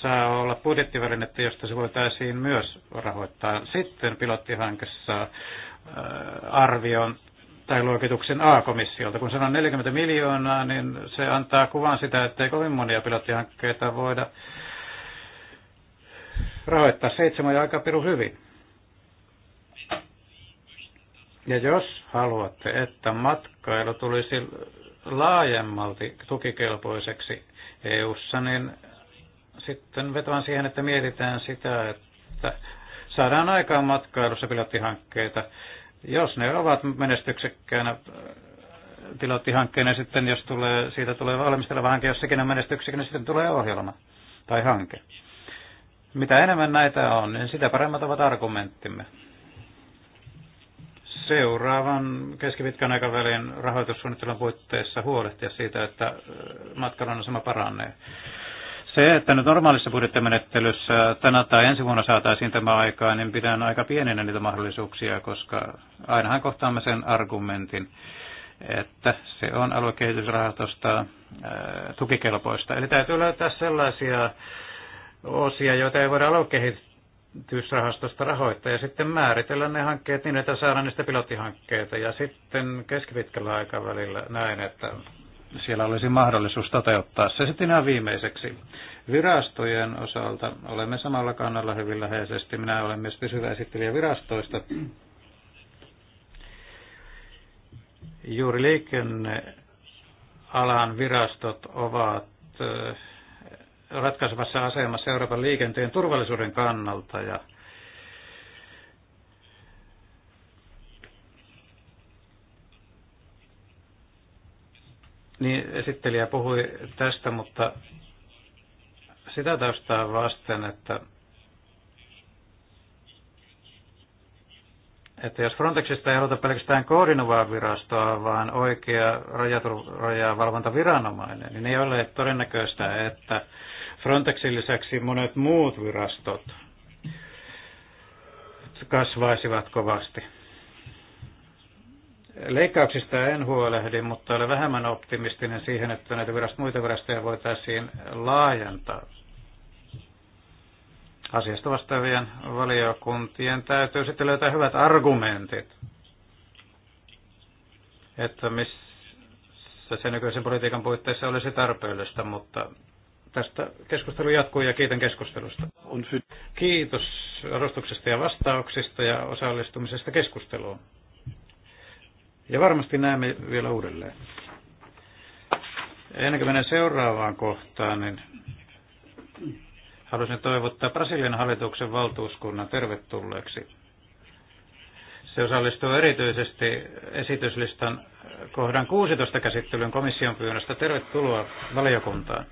saa olla budjettivälinettä, josta se voitaisiin myös rahoittaa. Sitten pilottihanke saa äh, arvion tai luokituksen A-komissiolta. Kun sanon 40 miljoonaa, niin se antaa kuvan sitä, ei kovin monia pilottihankkeita voida rahoittaa seitsemän ja aika peru hyvin. Ja jos haluatte, että matkailu tulisi laajemmalti tukikelpoiseksi EU-ssa, niin sitten vetoan siihen, että mietitään sitä, että saadaan aikaan matkailussa pilottihankkeita. Jos ne ovat menestyksekkäänä äh, pilottihankkeena, sitten jos tulee, siitä tulee valmisteleva hanke, jos sekin on menestyksekkäänä, niin sitten tulee ohjelma tai hanke. Mitä enemmän näitä on, niin sitä paremmat ovat argumenttimme. Seuraavan keskipitkän aikavälin rahoitussuunnittelun puitteissa huolehtia siitä, että matkailun asema paranee. Se, että nyt normaalissa budjettimenettelyssä tänä tai ensi vuonna saataisiin tämä aikaa, niin pidän aika pieninä niitä mahdollisuuksia, koska ainahan kohtaamme sen argumentin, että se on aluekehitysrahastosta tukikelpoista. Eli täytyy löytää sellaisia osia, joita ei voida aluekehitysrahastosta rahoittaa ja sitten määritellä ne hankkeet niin, että saadaan niistä pilottihankkeita ja sitten keskipitkällä aikavälillä näin, että siellä olisi mahdollisuus toteuttaa se sitten ihan viimeiseksi. Virastojen osalta olemme samalla kannalla hyvin läheisesti. Minä olen myös pysyvä esittelijä virastoista. Juuri liikennealan virastot ovat eh, ratkaisevassa asemassa Euroopan liikenteen turvallisuuden kannalta ja Niin, esittelijä puhui tästä, mutta sitä taustaa vasten, että, että jos Frontexista ei haluta pelkästään koordinovaa virastoa, vaan oikea rajavalvontaviranomainen, niin ei ole todennäköistä, että Frontexin lisäksi monet muut virastot kasvaisivat kovasti. Leikkauksista en huolehdi, mutta olen vähemmän optimistinen siihen, että näitä virast, muita virastoja voitaisiin laajentaa. Asiasta vastaavien valiokuntien täytyy sitten löytää hyvät argumentit, että missä se nykyisen politiikan puitteissa olisi tarpeellista, mutta Tästä keskustelu jatkuu ja kiitän keskustelusta. Kiitos arvostuksesta ja vastauksista ja osallistumisesta keskusteluun. Ja varmasti näemme vielä uudelleen. Ennen kuin menen seuraavaan kohtaan, niin haluaisin toivottaa Brasilian hallituksen valtuuskunnan tervetulleeksi. Se osallistuu erityisesti esityslistan kohdan 16 käsittelyyn komission pyynnöstä. Tervetuloa valiokuntaan.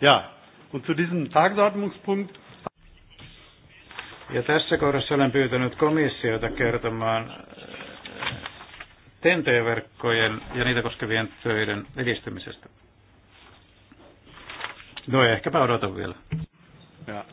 Ja, und zu diesem Tagesordnungspunkt ja tässä kohdassa olen pyytänyt komissiota kertomaan TNT-verkkojen ja niitä koskevien töiden edistämisestä. No ehkäpä odotan vielä. Ja.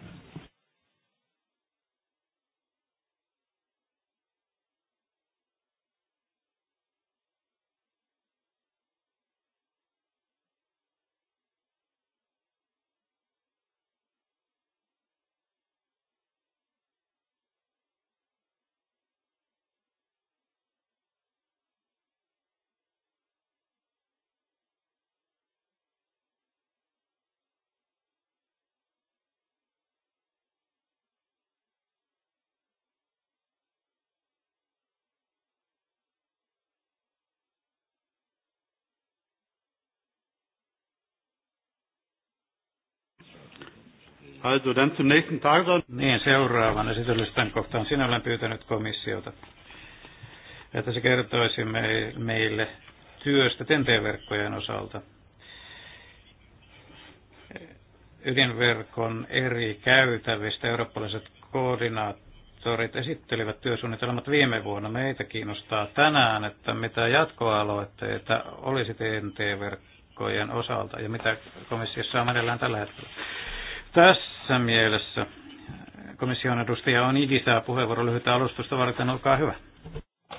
Also dann zum nächsten Tagesordnung. Niin, seuraavan esityslistan kohtaan sinä olen pyytänyt komissiota, että se kertoisi meille työstä TNT-verkkojen osalta. Ydinverkon eri käytävistä eurooppalaiset koordinaattorit esittelivät työsuunnitelmat viime vuonna. Meitä kiinnostaa tänään, että mitä jatkoaloitteita olisi TNT-verkkojen osalta ja mitä komissiossa on edellään tällä hetkellä. Tässä mielessä komission edustaja on Idisää puheenvuoro lyhyttä alustusta varten. Olkaa hyvä.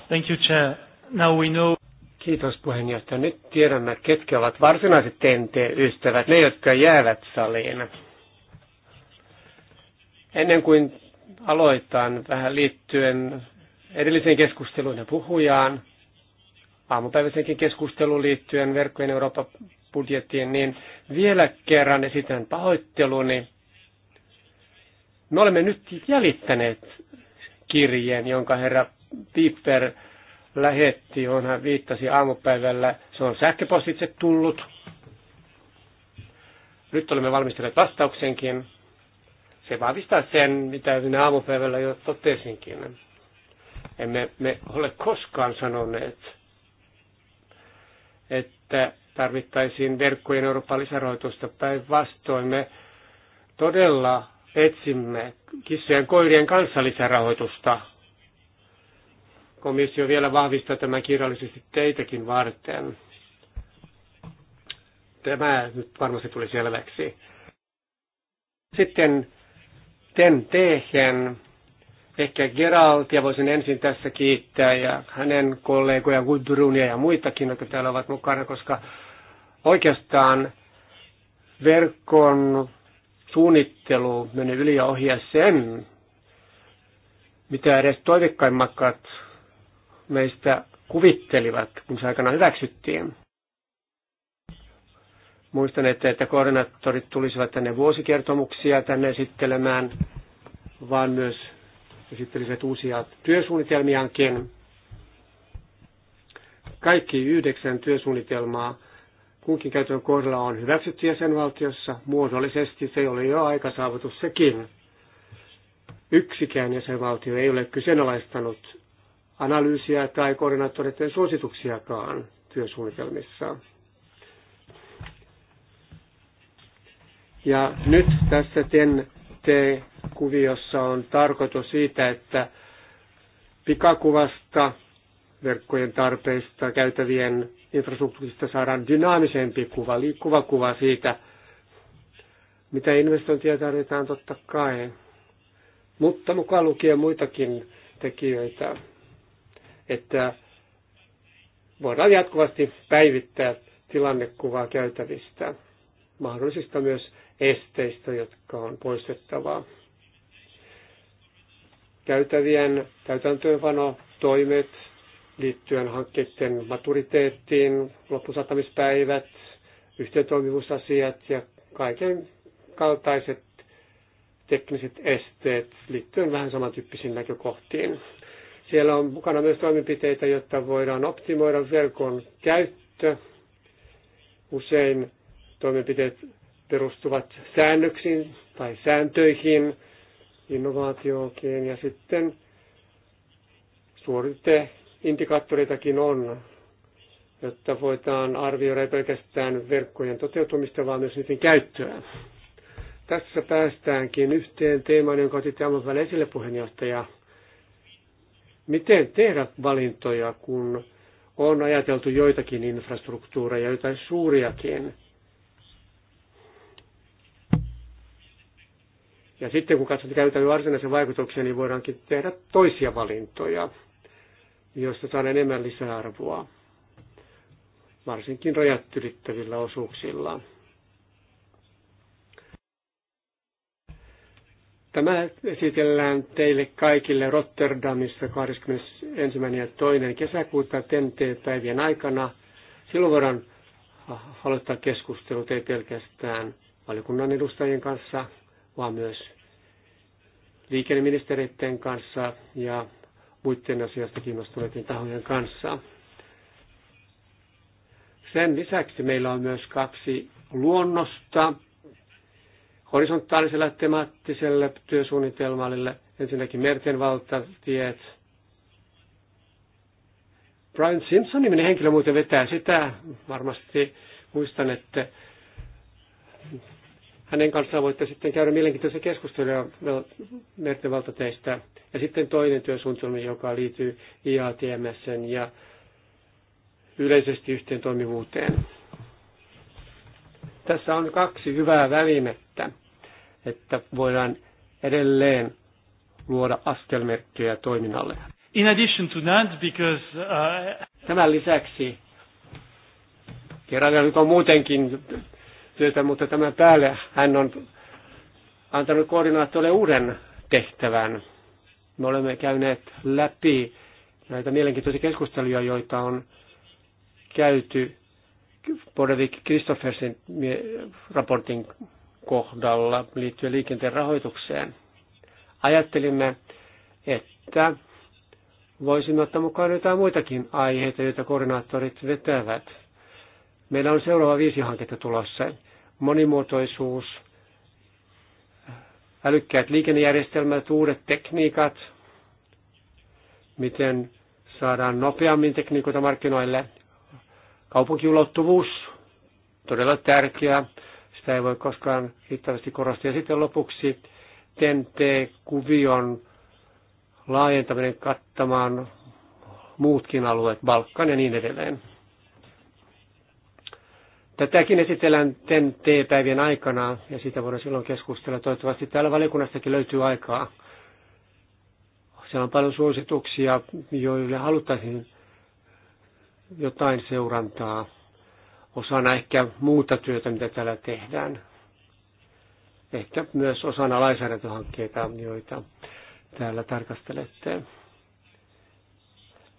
Thank you, Chair. Now we know... Kiitos puheenjohtaja. Nyt tiedämme, ketkä ovat varsinaiset TNT-ystävät, ne jotka jäävät saliin. Ennen kuin aloitan vähän liittyen edelliseen keskusteluun ja puhujaan, aamupäiväisenkin keskusteluun liittyen verkkojen Euroopan budjettiin, niin vielä kerran esitän pahoitteluni. Me olemme nyt jäljittäneet kirjeen, jonka herra Piper lähetti, johon hän viittasi aamupäivällä. Se on sähköpostitse tullut. Nyt olemme valmistelleet vastauksenkin. Se vahvistaa sen, mitä minä aamupäivällä jo totesinkin. Emme me ole koskaan sanoneet, että tarvittaisiin verkkojen Euroopan lisärahoitusta. Päinvastoin me todella etsimme kissojen koirien kanssa lisärahoitusta. Komissio vielä vahvistaa tämän kirjallisesti teitäkin varten. Tämä nyt varmasti tuli selväksi. Sitten ten tehen. Ehkä Geraltia voisin ensin tässä kiittää ja hänen kollegoja Gudrunia ja muitakin, jotka täällä ovat mukana, koska Oikeastaan verkon suunnittelu meni yli ja ohi sen, mitä edes toiveikkaimmat meistä kuvittelivat, kun se aikana hyväksyttiin. Muistan, että, että koordinaattorit tulisivat tänne vuosikertomuksia tänne esittelemään, vaan myös esittelisivät uusia työsuunnitelmiankin. Kaikki yhdeksän työsuunnitelmaa kunkin käytön kohdalla on hyväksytty jäsenvaltiossa. Muodollisesti se oli jo saavutus sekin. Yksikään jäsenvaltio ei ole kyseenalaistanut analyysiä tai koordinaattoreiden suosituksiakaan työsuunnitelmissa. Ja nyt tässä TEN-T-kuviossa on tarkoitus siitä, että pikakuvasta verkkojen tarpeista, käytävien infrastruktuurista saadaan dynaamisempi kuva, liikkuva kuva siitä, mitä investointia tarvitaan totta kai. Mutta mukaan lukien muitakin tekijöitä, että voidaan jatkuvasti päivittää tilannekuvaa käytävistä, mahdollisista myös esteistä, jotka on poistettavaa. Käytävien täytäntöönpano toimet liittyen hankkeiden maturiteettiin, loppusaattamispäivät, yhteentoimivuusasiat ja kaiken kaltaiset tekniset esteet liittyen vähän samantyyppisiin näkökohtiin. Siellä on mukana myös toimenpiteitä, jotta voidaan optimoida verkon käyttö. Usein toimenpiteet perustuvat säännöksiin tai sääntöihin, innovaatioihin ja sitten suorite indikaattoreitakin on, jotta voidaan arvioida ei pelkästään verkkojen toteutumista, vaan myös niiden käyttöä. Tässä päästäänkin yhteen teemaan, jonka otitte aivan välillä esille puheenjohtaja. Miten tehdä valintoja, kun on ajateltu joitakin infrastruktuureja, jotain suuriakin. Ja sitten kun katsotaan käytännön varsinaisia vaikutuksia, niin voidaankin tehdä toisia valintoja joista saadaan enemmän lisäarvoa, varsinkin rajat ylittävillä osuuksilla. Tämä esitellään teille kaikille Rotterdamissa 21. ja 2. kesäkuuta TNT-päivien aikana. Silloin voidaan aloittaa keskustelut ei pelkästään valiokunnan edustajien kanssa, vaan myös liikenneministeriöiden kanssa ja muiden asiasta kiinnostuneiden tahojen kanssa. Sen lisäksi meillä on myös kaksi luonnosta horisontaaliselle temaattiselle työsuunnitelmalle. Ensinnäkin merten valtatiet. Brian Simpson niminen henkilö muuten vetää sitä. Varmasti muistan, että hänen kanssaan voitte sitten käydä mielenkiintoisia keskusteluja merten valtateistä. Ja sitten toinen työsuunnitelma, joka liittyy IATMS ja yleisesti yhteen toimivuuteen. Tässä on kaksi hyvää välinettä, että voidaan edelleen luoda askelmerkkejä toiminnalle. In addition to that, because, uh... Tämän lisäksi, kerran nyt on muutenkin työtä, mutta tämän päälle hän on antanut koordinaattorille uuden tehtävän. Me olemme käyneet läpi näitä mielenkiintoisia keskusteluja, joita on käyty Bodevik Kristoffersin raportin kohdalla liittyen liikenteen rahoitukseen. Ajattelimme, että voisimme ottaa mukaan jotain muitakin aiheita, joita koordinaattorit vetävät Meillä on seuraava viisi hanketta tulossa. Monimuotoisuus, älykkäät liikennejärjestelmät, uudet tekniikat, miten saadaan nopeammin tekniikoita markkinoille. Kaupunkiulottuvuus, todella tärkeä, sitä ei voi koskaan riittävästi korostaa. Ja sitten lopuksi TNT-kuvion laajentaminen kattamaan muutkin alueet, Balkan ja niin edelleen. Tätäkin esitellään TEN-T-päivien aikana ja siitä voidaan silloin keskustella. Toivottavasti täällä valiokunnastakin löytyy aikaa. Siellä on paljon suosituksia, joille haluttaisiin jotain seurantaa osana ehkä muuta työtä, mitä täällä tehdään. Ehkä myös osana lainsäädäntöhankkeita, joita täällä tarkastelette.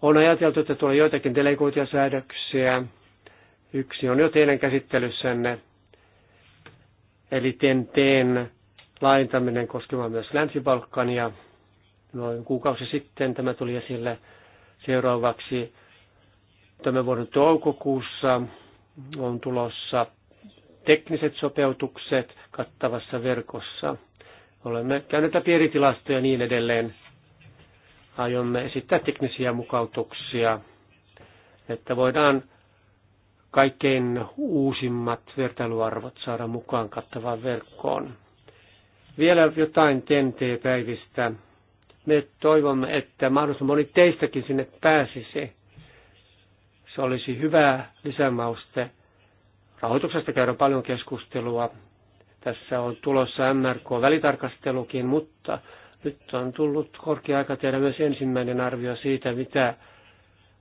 On ajateltu, että tulee joitakin delegoituja säädöksiä, Yksi on jo teidän käsittelyssänne, eli TEN-TEen laajentaminen koskemaan myös Länsi-Balkania. Noin kuukausi sitten tämä tuli esille seuraavaksi. Tämän vuoden toukokuussa on tulossa tekniset sopeutukset kattavassa verkossa. Olemme käyneet läpi eri tilastoja ja niin edelleen. Aiomme esittää teknisiä mukautuksia, että voidaan kaikkein uusimmat vertailuarvot saada mukaan kattavaan verkkoon. Vielä jotain TNT-päivistä. Me toivomme, että mahdollisimman moni teistäkin sinne pääsisi. Se olisi hyvä lisämauste. Rahoituksesta käydään paljon keskustelua. Tässä on tulossa MRK-välitarkastelukin, mutta nyt on tullut korkea aika tehdä myös ensimmäinen arvio siitä, mitä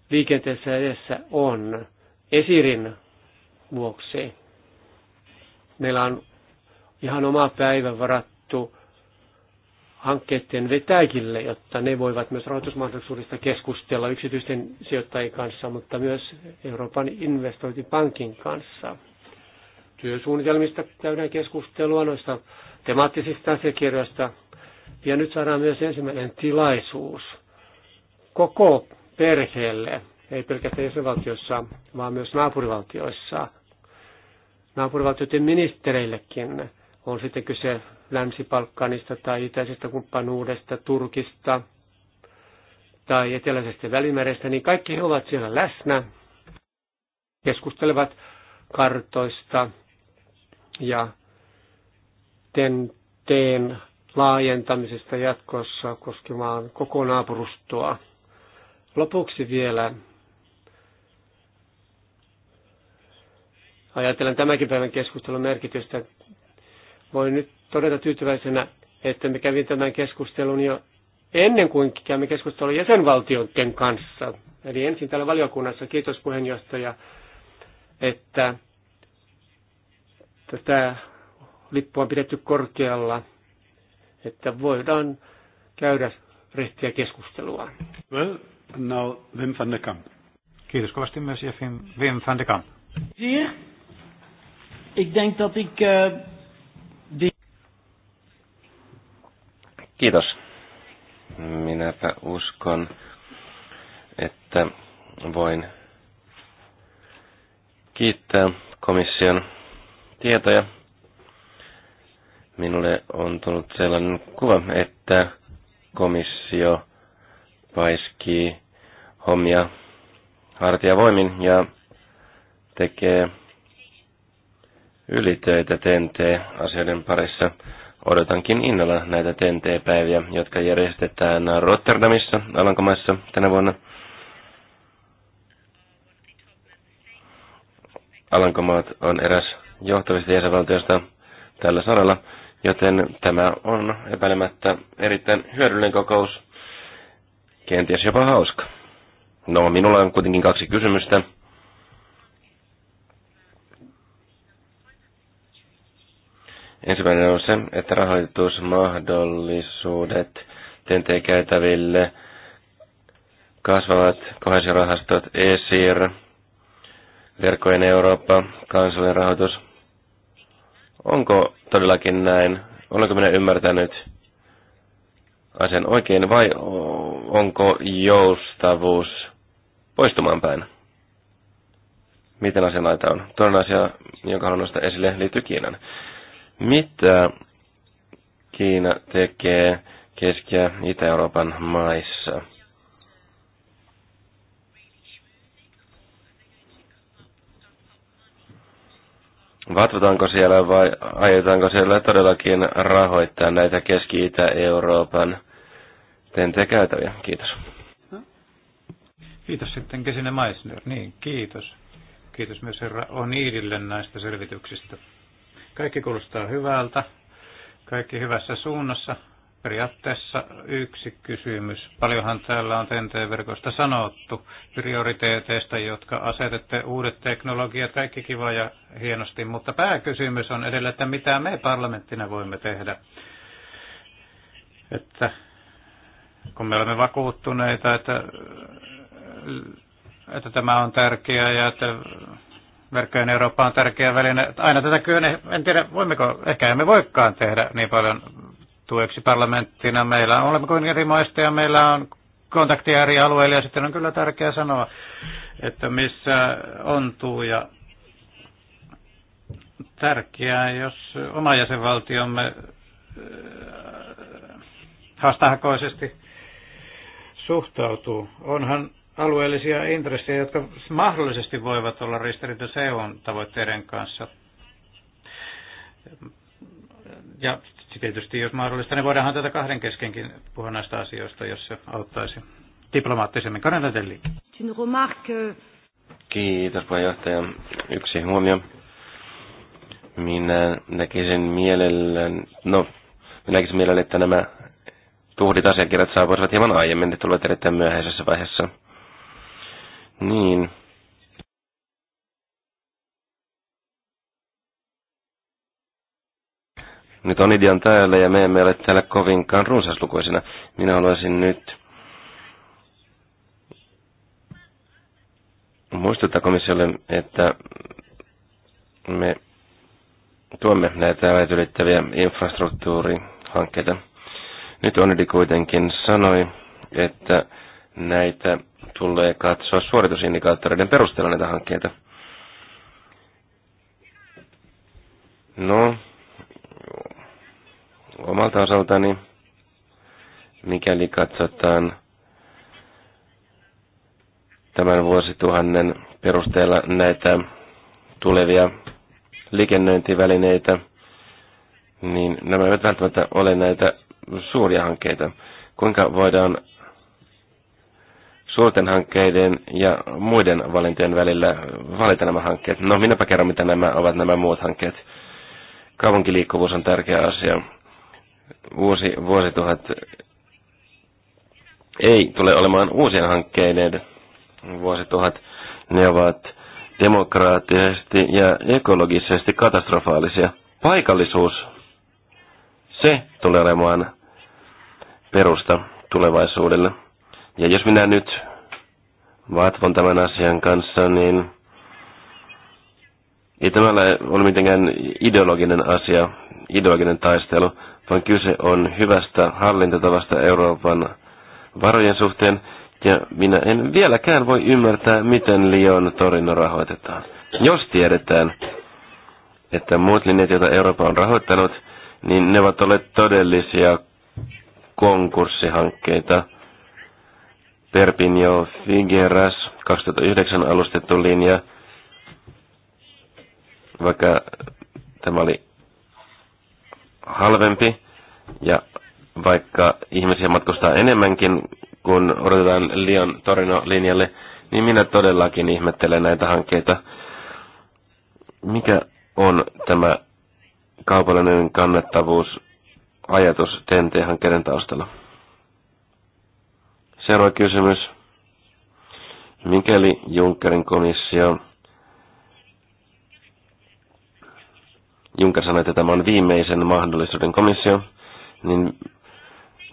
liikenteessä edessä on esirin vuoksi. Meillä on ihan oma päivä varattu hankkeiden vetäjille, jotta ne voivat myös rahoitusmahdollisuudesta keskustella yksityisten sijoittajien kanssa, mutta myös Euroopan investointipankin kanssa. Työsuunnitelmista käydään keskustelua noista temaattisista asiakirjoista. Ja nyt saadaan myös ensimmäinen tilaisuus koko perheelle ei pelkästään jäsenvaltiossa, vaan myös naapurivaltioissa. Naapurivaltioiden ministereillekin on sitten kyse länsi palkkanista tai itäisestä kumppanuudesta, Turkista tai eteläisestä välimerestä, niin kaikki he ovat siellä läsnä, keskustelevat kartoista ja tenteen laajentamisesta jatkossa koskemaan koko naapurustoa. Lopuksi vielä Ajatellen tämänkin päivän keskustelun merkitystä, voin nyt todeta tyytyväisenä, että me kävin tämän keskustelun jo ennen kuin kävimme keskustelun jäsenvaltioiden kanssa. Eli ensin täällä valiokunnassa, kiitos puheenjohtaja, että tätä lippua on pidetty korkealla, että voidaan käydä rehtiä keskustelua. Well, now Wim van der Kamp. Kiitos kovasti myös Jeffin Wim van der Kamp. Yeah. Ik denk dat ik uh, die... Kiitos. Minäpä uskon, että voin kiittää komission tietoja. Minulle on tullut sellainen kuva, että komissio paiskii hommia hartiavoimin ja tekee ylitöitä TNT-asioiden parissa. Odotankin innolla näitä TNT-päiviä, jotka järjestetään Rotterdamissa, Alankomaissa tänä vuonna. Alankomaat on eräs johtavista jäsenvaltioista tällä saralla, joten tämä on epäilemättä erittäin hyödyllinen kokous, kenties jopa hauska. No, minulla on kuitenkin kaksi kysymystä. Ensimmäinen on se, että rahoitusmahdollisuudet TNT-käytäville kasvavat kohesiorahastot ESIR, Verkkojen Eurooppa, kansallinen rahoitus. Onko todellakin näin? Olenko minä ymmärtänyt asian oikein vai onko joustavuus poistumaan päin? Miten asia on? Toinen asia, jonka haluan nostaa esille, liittyy Kiinan. Mitä Kiina tekee Keski- ja Itä-Euroopan maissa? Vatvotaanko siellä vai aiotaanko siellä todellakin rahoittaa näitä Keski-Itä-Euroopan tentekäytäviä? Kiitos. Kiitos sitten Kesine Maisner. Niin, kiitos. Kiitos myös herra Oniidille näistä selvityksistä. Kaikki kuulostaa hyvältä, kaikki hyvässä suunnassa. Periaatteessa yksi kysymys. Paljonhan täällä on TNT-verkosta sanottu prioriteeteista, jotka asetette uudet teknologiat, kaikki kiva ja hienosti, mutta pääkysymys on edellä, että mitä me parlamenttina voimme tehdä. Että kun me olemme vakuuttuneita, että, että tämä on tärkeää ja että Verkkojen Eurooppa on tärkeä väline. Aina tätä kyllä, en tiedä, voimmeko, ehkä emme voikaan tehdä niin paljon tueksi parlamenttina. Meillä on, olemme kuin eri maista ja meillä on kontaktia eri alueilla ja sitten on kyllä tärkeää sanoa, että missä tuu ja tärkeää, jos oma jäsenvaltiomme äh, haastahakoisesti suhtautuu. Onhan alueellisia intressejä, jotka mahdollisesti voivat olla ristiriidassa EUn tavoitteiden kanssa. Ja tietysti, jos mahdollista, niin voidaanhan tätä kahden keskenkin puhua näistä asioista, jos se auttaisi diplomaattisemmin. Kanada Delli. Kiitos puheenjohtaja. Yksi huomio. Minä näkisin mielelläni, no, minä näkisin mielelläni, että nämä tuhdit asiakirjat saapuisivat hieman aiemmin, ne tulevat erittäin myöhäisessä vaiheessa. Niin. Nyt on idean täällä ja me emme ole täällä kovinkaan runsaslukuisina. Minä haluaisin nyt muistuttaa komissiolle, että me tuemme näitä rajat ylittäviä infrastruktuurihankkeita. Nyt Onidi kuitenkin sanoi, että näitä tulee katsoa suoritusindikaattoreiden perusteella näitä hankkeita. No, omalta osaltani, mikäli katsotaan tämän vuosituhannen perusteella näitä tulevia liikennöintivälineitä, niin nämä eivät välttämättä ole näitä suuria hankkeita. Kuinka voidaan suurten hankkeiden ja muiden valintojen välillä valita nämä hankkeet. No minäpä kerron, mitä nämä ovat nämä muut hankkeet. Kaupunkiliikkuvuus on tärkeä asia. Uusi vuosituhat ei tule olemaan uusien hankkeiden vuosituhat. Ne ovat demokraattisesti ja ekologisesti katastrofaalisia. Paikallisuus, se tulee olemaan perusta tulevaisuudelle. Ja jos minä nyt vatvon tämän asian kanssa, niin ei tämä ole mitenkään ideologinen asia, ideologinen taistelu, vaan kyse on hyvästä hallintotavasta Euroopan varojen suhteen, ja minä en vieläkään voi ymmärtää, miten Lyon torino rahoitetaan. Jos tiedetään, että muut linjat, joita Eurooppa on rahoittanut, niin ne ovat olleet todellisia konkurssihankkeita – Perpignan Figueras 2009 alustettu linja, vaikka tämä oli halvempi ja vaikka ihmisiä matkustaa enemmänkin kun odotetaan Lion Torino-linjalle, niin minä todellakin ihmettelen näitä hankkeita. Mikä on tämä kaupallinen kannattavuus ajatus TNT-hankkeiden taustalla? Seuraava kysymys. Mikäli Junckerin komissio... Juncker sanoi, että tämä on viimeisen mahdollisuuden komissio, niin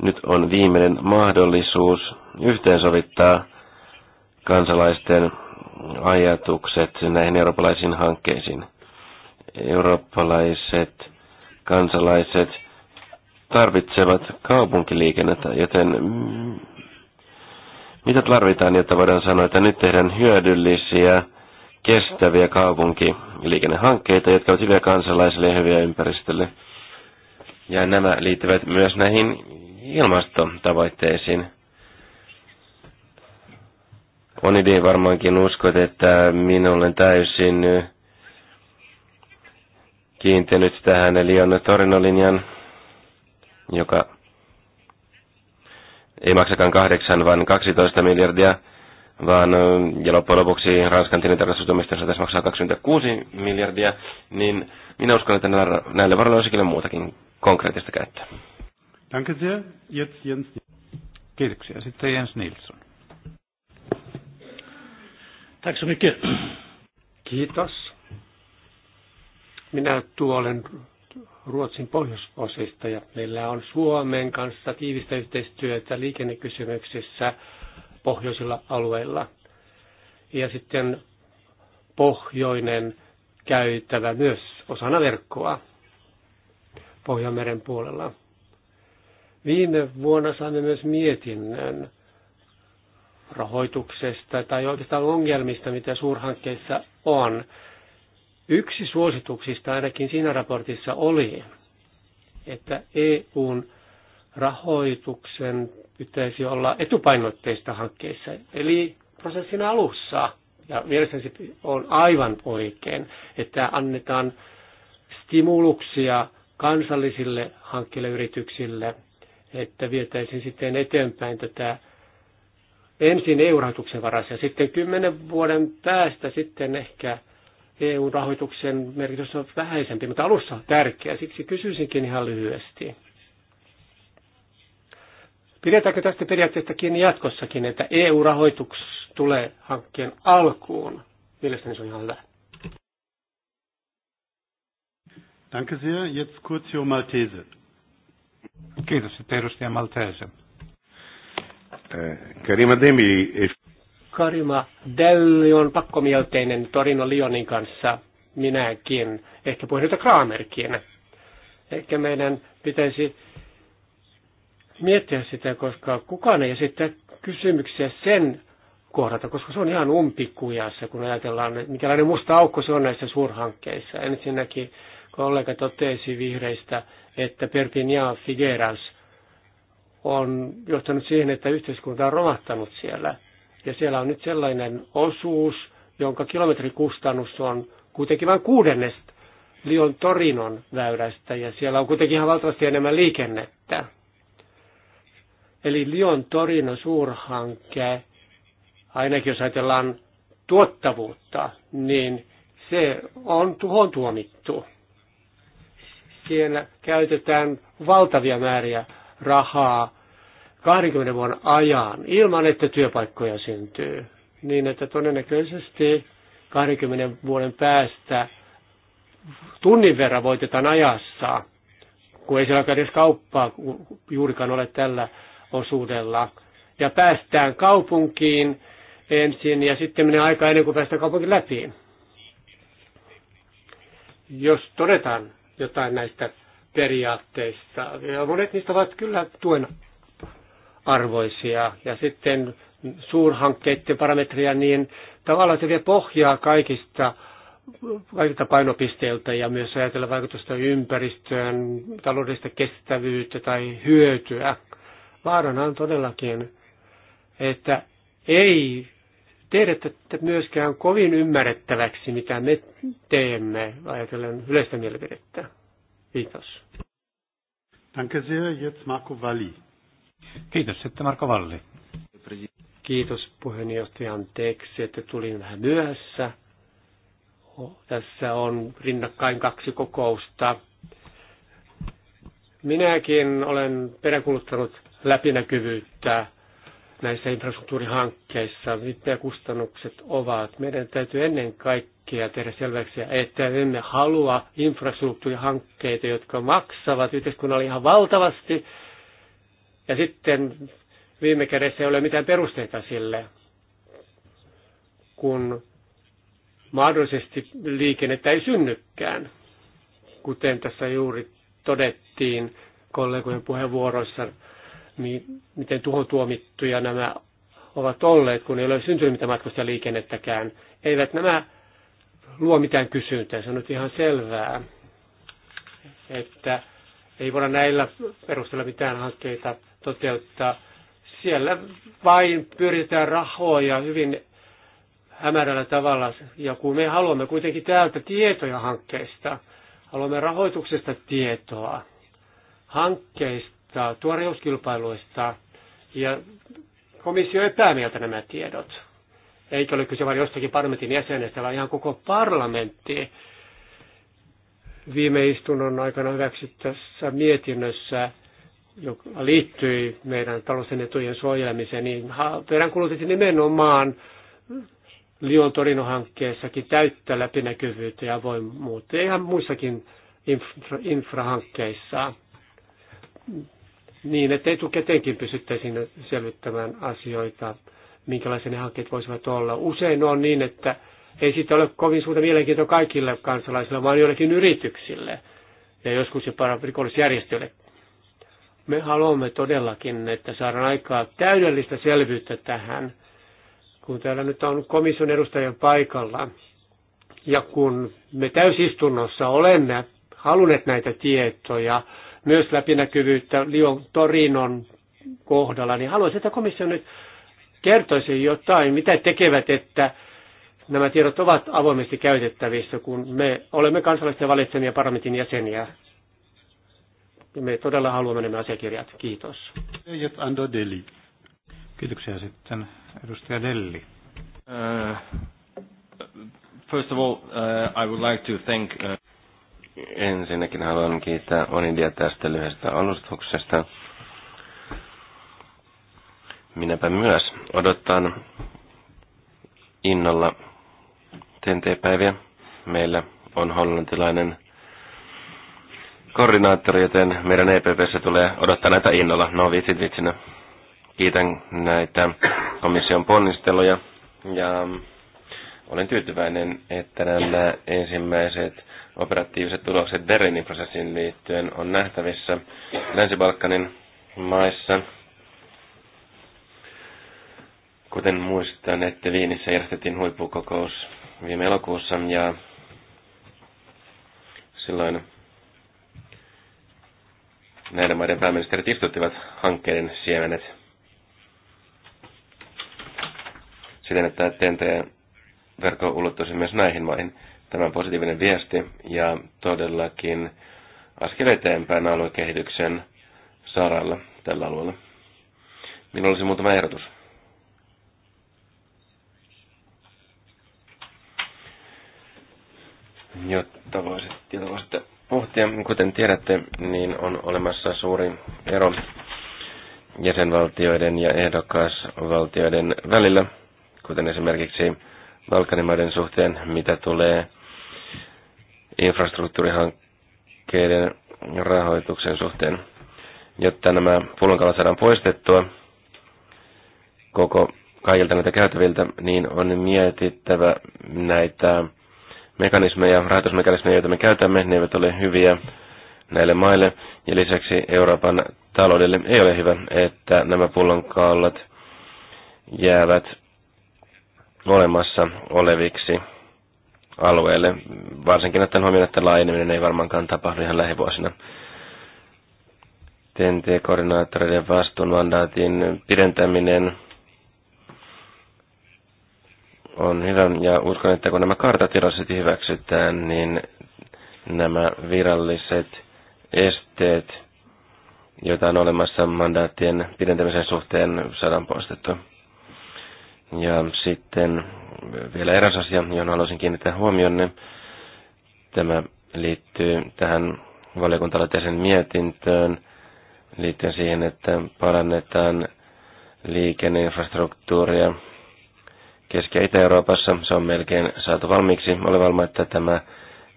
nyt on viimeinen mahdollisuus yhteensovittaa kansalaisten ajatukset näihin eurooppalaisiin hankkeisiin. Eurooppalaiset kansalaiset tarvitsevat kaupunkiliikennettä, joten mitä tarvitaan, jotta voidaan sanoa, että nyt tehdään hyödyllisiä, kestäviä kaupunkiliikennehankkeita, jotka ovat hyviä kansalaisille ja hyviä ympäristölle? Ja nämä liittyvät myös näihin ilmastotavoitteisiin. Onidi varmaankin uskot, että minä olen täysin kiintynyt tähän Lyon Torino-linjan, joka ei maksakaan kahdeksan, vaan 12 miljardia, vaan ja loppujen lopuksi Ranskan tilintarkastustoimistossa saataisiin maksaa 26 miljardia, niin minä uskon, että näillä, näillä varoilla olisi kyllä muutakin konkreettista käyttöä. Kiitoksia. Sitten Jens Nilsson. Tack så mycket. Kiitos. Minä tuolen Ruotsin pohjoisosista ja meillä on Suomen kanssa tiivistä yhteistyötä liikennekysymyksissä pohjoisilla alueilla. Ja sitten pohjoinen käytävä myös osana verkkoa Pohjanmeren puolella. Viime vuonna saimme myös mietinnön rahoituksesta tai oikeastaan ongelmista, mitä suurhankkeissa on Yksi suosituksista ainakin siinä raportissa oli, että EUn rahoituksen pitäisi olla etupainotteista hankkeissa, eli prosessin alussa. Ja mielestäni on aivan oikein, että annetaan stimuluksia kansallisille hankkeille yrityksille, että vietäisiin sitten eteenpäin tätä ensin EU-rahoituksen varassa ja sitten kymmenen vuoden päästä sitten ehkä – EU-rahoituksen merkitys on vähäisempi, mutta alussa on tärkeä. Siksi kysyisinkin ihan lyhyesti. Pidetäänkö tästä periaatteesta kiinni jatkossakin, että EU-rahoitus tulee hankkeen alkuun? Mielestäni se on ihan hyvä. Danke sehr. Jetzt kurz Maltese. Kiitos, että edustaja Maltese. Eh, Karima Demi. Karima Delli on pakkomielteinen Torino Lionin kanssa, minäkin, ehkä puheenjohtaja Kramerkin. Ehkä meidän pitäisi miettiä sitä, koska kukaan ei esittää kysymyksiä sen kohdalta, koska se on ihan umpikujassa, kun ajatellaan, että mikälainen musta aukko se on näissä suurhankkeissa. Ensinnäkin kollega totesi vihreistä, että Perpignan Figueras on johtanut siihen, että yhteiskunta on romahtanut siellä. Ja siellä on nyt sellainen osuus, jonka kilometrikustannus on kuitenkin vain kuudennesta Lion Torinon väylästä, ja siellä on kuitenkin ihan valtavasti enemmän liikennettä. Eli Lion Torino suurhanke, ainakin jos ajatellaan tuottavuutta, niin se on tuhon tuomittu. Siellä käytetään valtavia määriä rahaa 20 vuoden ajan ilman, että työpaikkoja syntyy. Niin, että todennäköisesti 20 vuoden päästä tunnin verran voitetaan ajassa, kun ei siellä edes kauppaa juurikaan ole tällä osuudella. Ja päästään kaupunkiin ensin ja sitten menee aika ennen kuin päästään kaupunkiin läpi. Jos todetaan jotain näistä periaatteista, ja monet niistä ovat kyllä tuen arvoisia. Ja sitten suurhankkeiden parametria, niin tavallaan se vie pohjaa kaikista, kaikista painopisteiltä ja myös ajatella vaikutusta ympäristöön, taloudellista kestävyyttä tai hyötyä. Vaarana on todellakin, että ei tehdä tätä myöskään kovin ymmärrettäväksi, mitä me teemme, ajatellen yleistä mielipidettä. Kiitos. Danke sehr, jetzt Marco Valli. Kiitos sitten Marko Valli. Kiitos puheenjohtaja. Anteeksi, että tulin vähän myöhässä. Tässä on rinnakkain kaksi kokousta. Minäkin olen peräkuluttanut läpinäkyvyyttä näissä infrastruktuurihankkeissa, mitä kustannukset ovat. Meidän täytyy ennen kaikkea tehdä selväksi, että emme halua infrastruktuurihankkeita, jotka maksavat yhteiskunnalle ihan valtavasti, ja sitten viime kädessä ei ole mitään perusteita sille, kun mahdollisesti liikennettä ei synnykään, kuten tässä juuri todettiin kollegojen puheenvuoroissa, miten tuhon tuomittuja nämä ovat olleet, kun ei ole syntynyt mitään matkustajaliikennettäkään. Eivät nämä luo mitään kysyntää, se on nyt ihan selvää, että ei voida näillä perusteella mitään hankkeita toteuttaa. Siellä vain pyritään rahoja hyvin hämärällä tavalla, ja kun me haluamme kuitenkin täältä tietoja hankkeista, haluamme rahoituksesta tietoa, hankkeista, tuoreuskilpailuista, ja komissio epämieltä nämä tiedot. Eikä ole kyse vain jostakin parlamentin jäsenestä, vaan ihan koko parlamentti viime istunnon aikana hyväksyttässä mietinnössä joka liittyi meidän talousen etujen suojelemiseen, niin peräänkuulutettiin nimenomaan Lyon Torino-hankkeessakin täyttä läpinäkyvyyttä ja avoimuutta, ja ihan muissakin infra- infrahankkeissa, niin että etukäteenkin pysyttäisiin selvittämään asioita, minkälaisia ne hankkeet voisivat olla. Usein on niin, että ei siitä ole kovin suurta mielenkiintoa kaikille kansalaisille, vaan joillekin yrityksille ja joskus jopa rikollisjärjestöille me haluamme todellakin, että saadaan aikaa täydellistä selvyyttä tähän, kun täällä nyt on komission edustajan paikalla. Ja kun me täysistunnossa olemme halunneet näitä tietoja, myös läpinäkyvyyttä Lion Torinon kohdalla, niin haluaisin, että komissio nyt kertoisi jotain, mitä tekevät, että nämä tiedot ovat avoimesti käytettävissä, kun me olemme kansalaisten valitsemia parlamentin jäseniä me todella haluamme nämä asiakirjat. Kiitos. Kiitoksia sitten edustaja Delli. Uh, first of all, uh, I would like to thank... Uh... Ensinnäkin haluan kiittää Onidia tästä lyhyestä alustuksesta. Minäpä myös odotan innolla TNT-päiviä. Meillä on hollantilainen koordinaattori, joten meidän EPPssä tulee odottaa näitä innolla. No vitsit vitsinä. Kiitän näitä komission ponnisteluja ja mm, olen tyytyväinen, että nämä ensimmäiset operatiiviset tulokset Berlinin prosessiin liittyen on nähtävissä Länsi-Balkanin maissa. Kuten muistan, että Viinissä järjestettiin huippukokous viime elokuussa ja silloin näiden maiden pääministerit istuttivat hankkeiden siemenet siten, että TNT-verkko ulottuisi myös näihin maihin. Tämä on positiivinen viesti ja todellakin askel eteenpäin aluekehityksen saralla tällä alueella. Minulla olisi muutama ehdotus. Jotta voisit, jotta voisitte pohtia. Kuten tiedätte, niin on olemassa suuri ero jäsenvaltioiden ja ehdokasvaltioiden välillä, kuten esimerkiksi Balkanimaiden suhteen, mitä tulee infrastruktuurihankkeiden rahoituksen suhteen. Jotta nämä pullonkalat saadaan poistettua koko kaikilta näitä käytäviltä, niin on mietittävä näitä mekanismeja, rahoitusmekanismeja, joita me käytämme, ne eivät ole hyviä näille maille. Ja lisäksi Euroopan taloudelle ei ole hyvä, että nämä pullonkaulat jäävät olemassa oleviksi alueelle. Varsinkin ottaen huomioon, että laajeneminen ei varmaankaan tapahdu ihan lähivuosina. TNT-koordinaattoreiden vastuun mandaatin pidentäminen on hyvä ja uskon, että kun nämä kartatilaset hyväksytään, niin nämä viralliset esteet, joita on olemassa mandaattien pidentämisen suhteen, saadaan poistettua. Ja sitten vielä eräs asia, johon haluaisin kiinnittää huomionne. Tämä liittyy tähän valiokuntalaiteisen mietintöön liittyen siihen, että parannetaan liikenneinfrastruktuuria Keski- ja Itä-Euroopassa. Se on melkein saatu valmiiksi. Olen valma, että tämä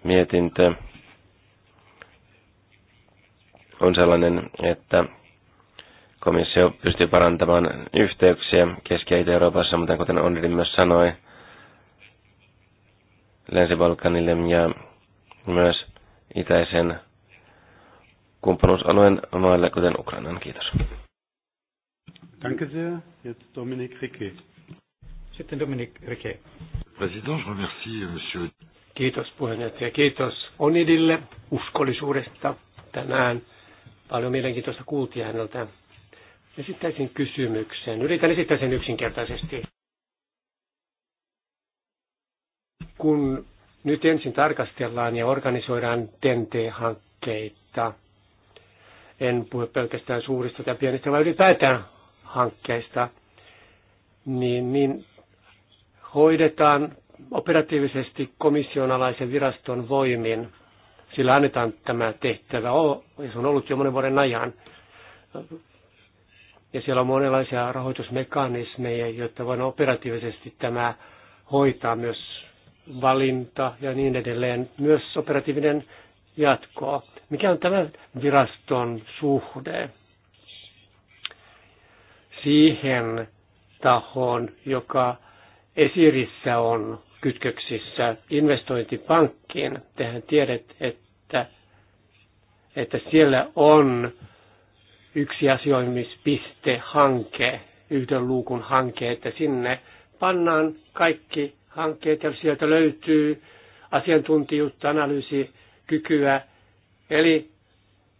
mietintö on sellainen, että komissio pystyy parantamaan yhteyksiä Keski- ja Itä-Euroopassa, mutta kuten Onrin myös sanoi, Länsi-Balkanille ja myös itäisen kumppanuusalueen maille, kuten Ukrainan. Kiitos. Danke sehr. Jetzt Dominik sitten Dominik Rike. President, je remercie, euh, monsieur. Kiitos puheenjohtaja. Kiitos Onidille uskollisuudesta tänään. Paljon mielenkiintoista kuultiin häneltä. Esittäisin kysymyksen. Yritän esittää sen yksinkertaisesti. Kun nyt ensin tarkastellaan ja organisoidaan tnt hankkeita en puhu pelkästään suurista tai pienistä, vaan ylipäätään hankkeista, niin, niin hoidetaan operatiivisesti komission alaisen viraston voimin. Sillä annetaan tämä tehtävä. Se on ollut jo monen vuoden ajan. Ja siellä on monenlaisia rahoitusmekanismeja, jotta voidaan operatiivisesti tämä hoitaa myös valinta ja niin edelleen, myös operatiivinen jatkoa. Mikä on tämän viraston suhde siihen tahoon, joka Esirissä on kytköksissä investointipankkiin. Tehän tiedät, että, että siellä on yksi asioimispiste hanke, yhden luukun hanke, että sinne pannaan kaikki hankkeet ja sieltä löytyy asiantuntijuutta, analyysikykyä. Eli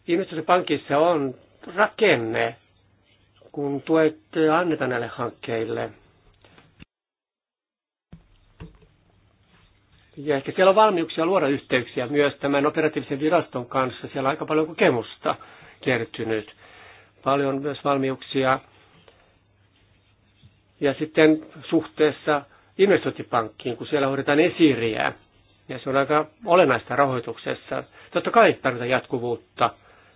investointipankissa on rakenne, kun tuet annetaan näille hankkeille – Ja ehkä siellä on valmiuksia luoda yhteyksiä myös tämän operatiivisen viraston kanssa. Siellä on aika paljon kokemusta kertynyt. Paljon myös valmiuksia. Ja sitten suhteessa investointipankkiin, kun siellä hoidetaan esiriä. Ja se on aika olennaista rahoituksessa. Totta kai tarvitaan jatkuvuutta.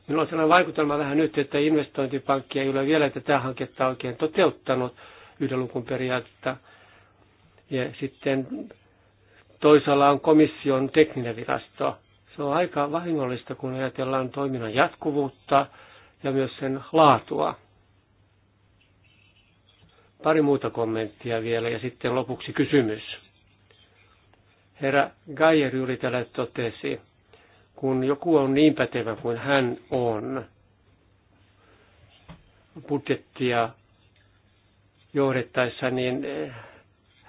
Minulla on sellainen vaikutelma vähän nyt, että investointipankki ei ole vielä tätä hanketta oikein toteuttanut yhden lukun periaatetta. Ja sitten toisaalla on komission tekninen virasto. Se on aika vahingollista, kun ajatellaan toiminnan jatkuvuutta ja myös sen laatua. Pari muuta kommenttia vielä ja sitten lopuksi kysymys. Herra Geier juuri tällä totesi, kun joku on niin pätevä kuin hän on, budjettia johdettaessa, niin eh,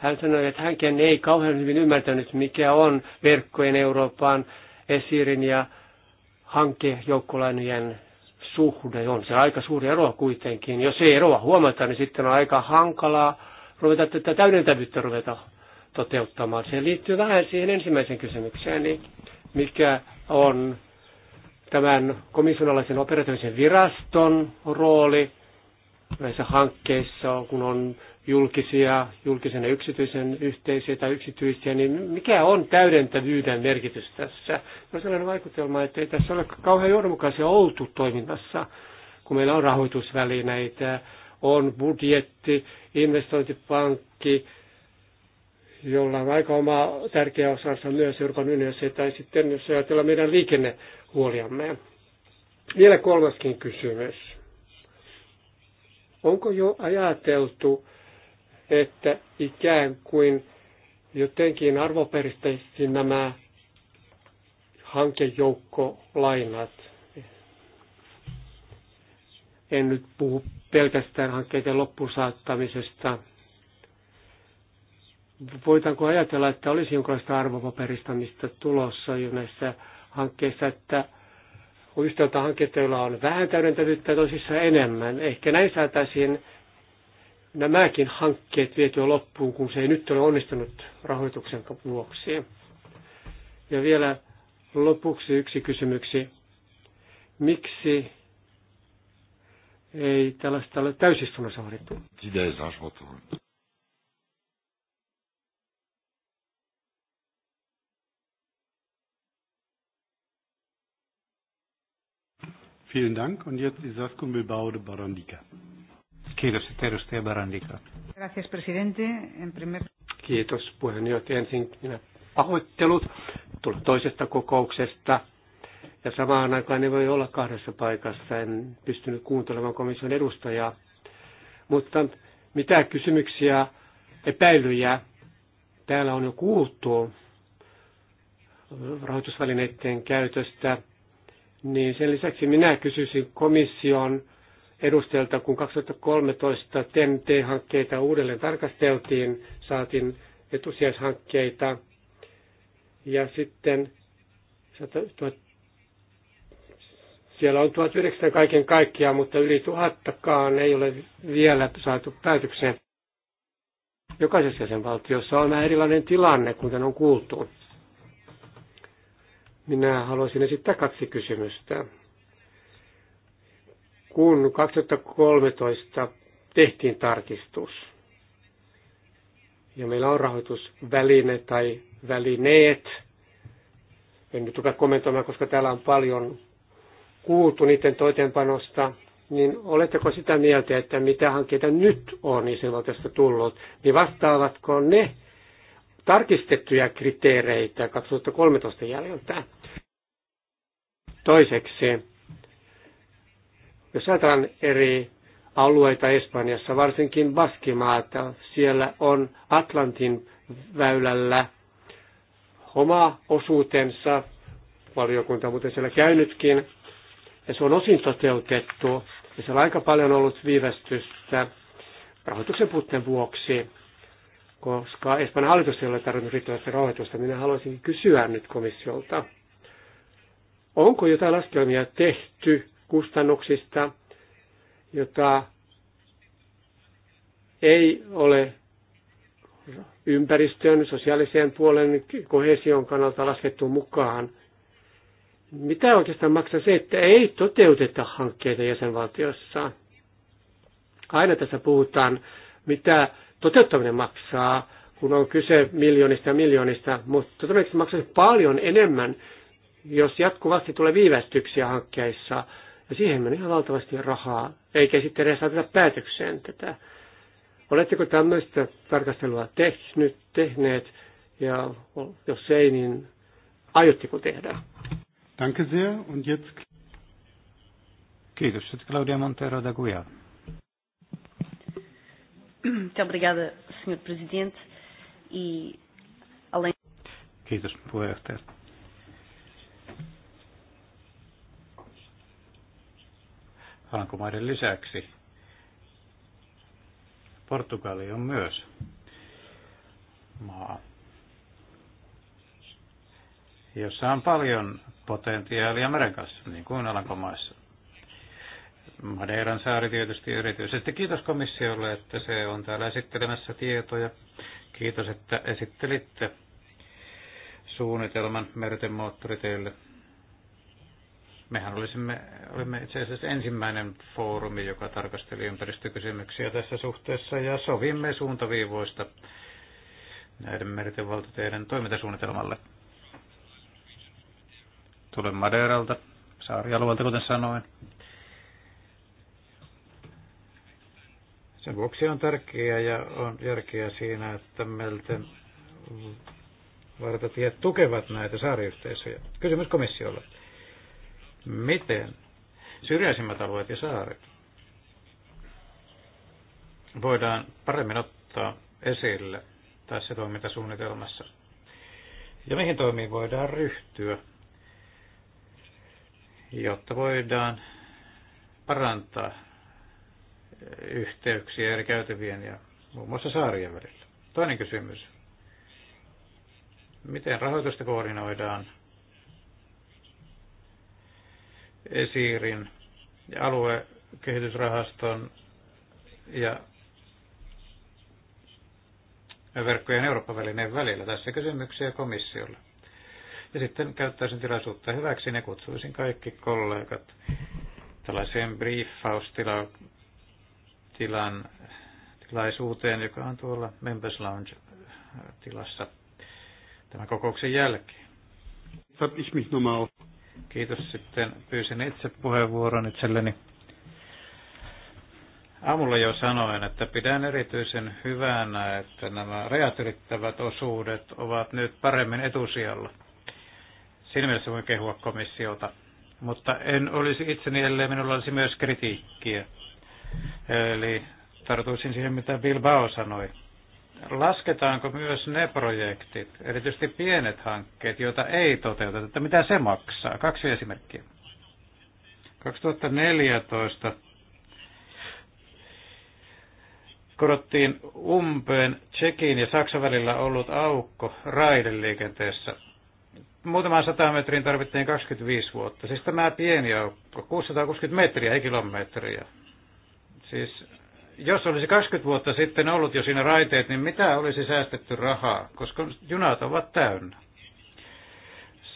hän sanoi, että hänkin ei kauhean hyvin ymmärtänyt, mikä on verkkojen Eurooppaan esirin ja hankejoukkolainojen suhde. On se aika suuri ero kuitenkin. Jos ei eroa huomata, niin sitten on aika hankalaa ruveta tätä täydentävyyttä ruveta toteuttamaan. Se liittyy vähän siihen ensimmäiseen kysymykseen, niin mikä on tämän komissionalaisen operatiivisen viraston rooli – näissä hankkeissa, kun on julkisia, julkisen ja yksityisen yhteisiä tai yksityisiä, niin mikä on täydentävyyden merkitys tässä? On no, sellainen vaikutelma, että ei tässä ole kauhean johdonmukaisia oltu toiminnassa, kun meillä on rahoitusvälineitä, on budjetti, investointipankki, jolla on aika oma tärkeä osansa myös Euroopan unionissa, tai sitten jos ajatellaan meidän liikennehuoliamme. Vielä kolmaskin kysymys Onko jo ajateltu, että ikään kuin jotenkin arvoperisteisiin nämä hankejoukkolainat. En nyt puhu pelkästään hankkeiden loppusaattamisesta. Voitanko ajatella, että olisi jonkinlaista arvopaperistamista tulossa jo näissä hankkeissa, että yhtäältä hankkeita, joilla on vähän täydentävyyttä ja toisissa enemmän. Ehkä näin saataisiin nämäkin hankkeet vietyä loppuun, kun se ei nyt ole onnistunut rahoituksen vuoksi. Ja vielä lopuksi yksi kysymyksi. Miksi ei tällaista ole täysistunnossa hoidettu? Vielen Dank. Und jetzt Isaskun Bilbao de Barandica. Kiitos, että Gracias, presidente. En primer... Kiitos puheenjohtaja. Ensin minä pahoittelut tulla toisesta kokouksesta. Ja samaan aikaan ei voi olla kahdessa paikassa. En pystynyt kuuntelemaan komission edustajaa. Mutta mitä kysymyksiä, epäilyjä täällä on jo kuultu rahoitusvälineiden käytöstä – niin sen lisäksi minä kysyisin komission edustajalta, kun 2013 TMT-hankkeita uudelleen tarkasteltiin, saatiin etusijaishankkeita ja sitten siellä on 1900 kaiken kaikkiaan, mutta yli tuhattakaan ei ole vielä saatu päätökseen. Jokaisessa jäsenvaltiossa on vähän erilainen tilanne, kuten on kuultu. Minä haluaisin esittää kaksi kysymystä. Kun 2013 tehtiin tarkistus, ja meillä on rahoitusväline tai välineet, en nyt rupea kommentoimaan, koska täällä on paljon kuultu niiden toiteenpanosta, niin oletteko sitä mieltä, että mitä hankkeita nyt on isänvaltiosta tullut, niin vastaavatko ne tarkistettuja kriteereitä 2013 jäljiltä. Toiseksi, jos ajatellaan eri alueita Espanjassa, varsinkin Baskimaata, siellä on Atlantin väylällä oma osuutensa, valiokunta muuten siellä käynytkin, ja se on osin toteutettu, ja siellä on aika paljon ollut viivästystä rahoituksen puutteen vuoksi koska Espanjan hallitus ei ole tarvinnut riittävästi rahoitusta. Minä haluaisin kysyä nyt komissiolta, onko jotain laskelmia tehty kustannuksista, jota ei ole ympäristön, sosiaaliseen puolen, kohesion kannalta laskettu mukaan. Mitä oikeastaan maksaa se, että ei toteuteta hankkeita jäsenvaltiossa? Aina tässä puhutaan, mitä toteuttaminen maksaa, kun on kyse miljoonista ja miljoonista, mutta todennäköisesti maksaisi paljon enemmän, jos jatkuvasti tulee viivästyksiä hankkeissa. Ja siihen menee ihan valtavasti rahaa, eikä sitten edes saada päätökseen tätä. Oletteko tämmöistä tarkastelua tehnyt, tehneet, ja jos ei, niin aiotteko tehdä? Danke sehr und jetzt... Kiitos, Claudia Montero da Guia. [CLEARS THROAT] Muito obrigada, Sr. Presidente. E além... Kiitos puheenjohtaja. Alankomaiden lisäksi Portugali on myös maa, jossa on paljon potentiaalia meren kanssa, niin kuin Alankomaissa. Madeiran saari tietysti erityisesti. Kiitos komissiolle, että se on täällä esittelemässä tietoja. Kiitos, että esittelitte suunnitelman merten moottoriteille. Mehän olisimme, olimme itse asiassa ensimmäinen foorumi, joka tarkasteli ympäristökysymyksiä tässä suhteessa ja sovimme suuntaviivoista näiden merten valtateiden toimintasuunnitelmalle. Tulen Madeiralta, saarialueelta kuten sanoin. Sen vuoksi on tärkeää ja on järkeä siinä, että meiltä vartatiet tukevat näitä saariyhteisöjä. Kysymys komissiolle. Miten syrjäisimmät alueet ja saaret voidaan paremmin ottaa esille tässä toimintasuunnitelmassa? Ja mihin toimiin voidaan ryhtyä, jotta voidaan parantaa yhteyksiä eri käytävien ja muun muassa saarien välillä. Toinen kysymys. Miten rahoitusta koordinoidaan esiirin ja aluekehitysrahaston ja verkkojen Euroopan välineen välillä. Tässä kysymyksiä komissiolle. Ja sitten käyttäisin tilaisuutta hyväksi ja kutsuisin kaikki kollegat tällaiseen briefaustilaan tilan, tilaisuuteen, joka on tuolla Members Lounge-tilassa äh, tämän kokouksen jälkeen. Kiitos sitten. Pyysin itse puheenvuoron itselleni. Aamulla jo sanoin, että pidän erityisen hyvänä, että nämä rajat ylittävät osuudet ovat nyt paremmin etusijalla. Siinä mielessä voin kehua komissiota. Mutta en olisi itseni, ellei minulla olisi myös kritiikkiä Eli tartuisin siihen, mitä Bilbao sanoi. Lasketaanko myös ne projektit, erityisesti pienet hankkeet, joita ei toteuteta, että mitä se maksaa? Kaksi esimerkkiä. 2014 korottiin umpeen Tsekin ja Saksan välillä ollut aukko raideliikenteessä. Muutaman sata metriin tarvittiin 25 vuotta. Siis tämä pieni aukko, 660 metriä, ei kilometriä. Siis jos olisi 20 vuotta sitten ollut jo siinä raiteet, niin mitä olisi säästetty rahaa, koska junat ovat täynnä.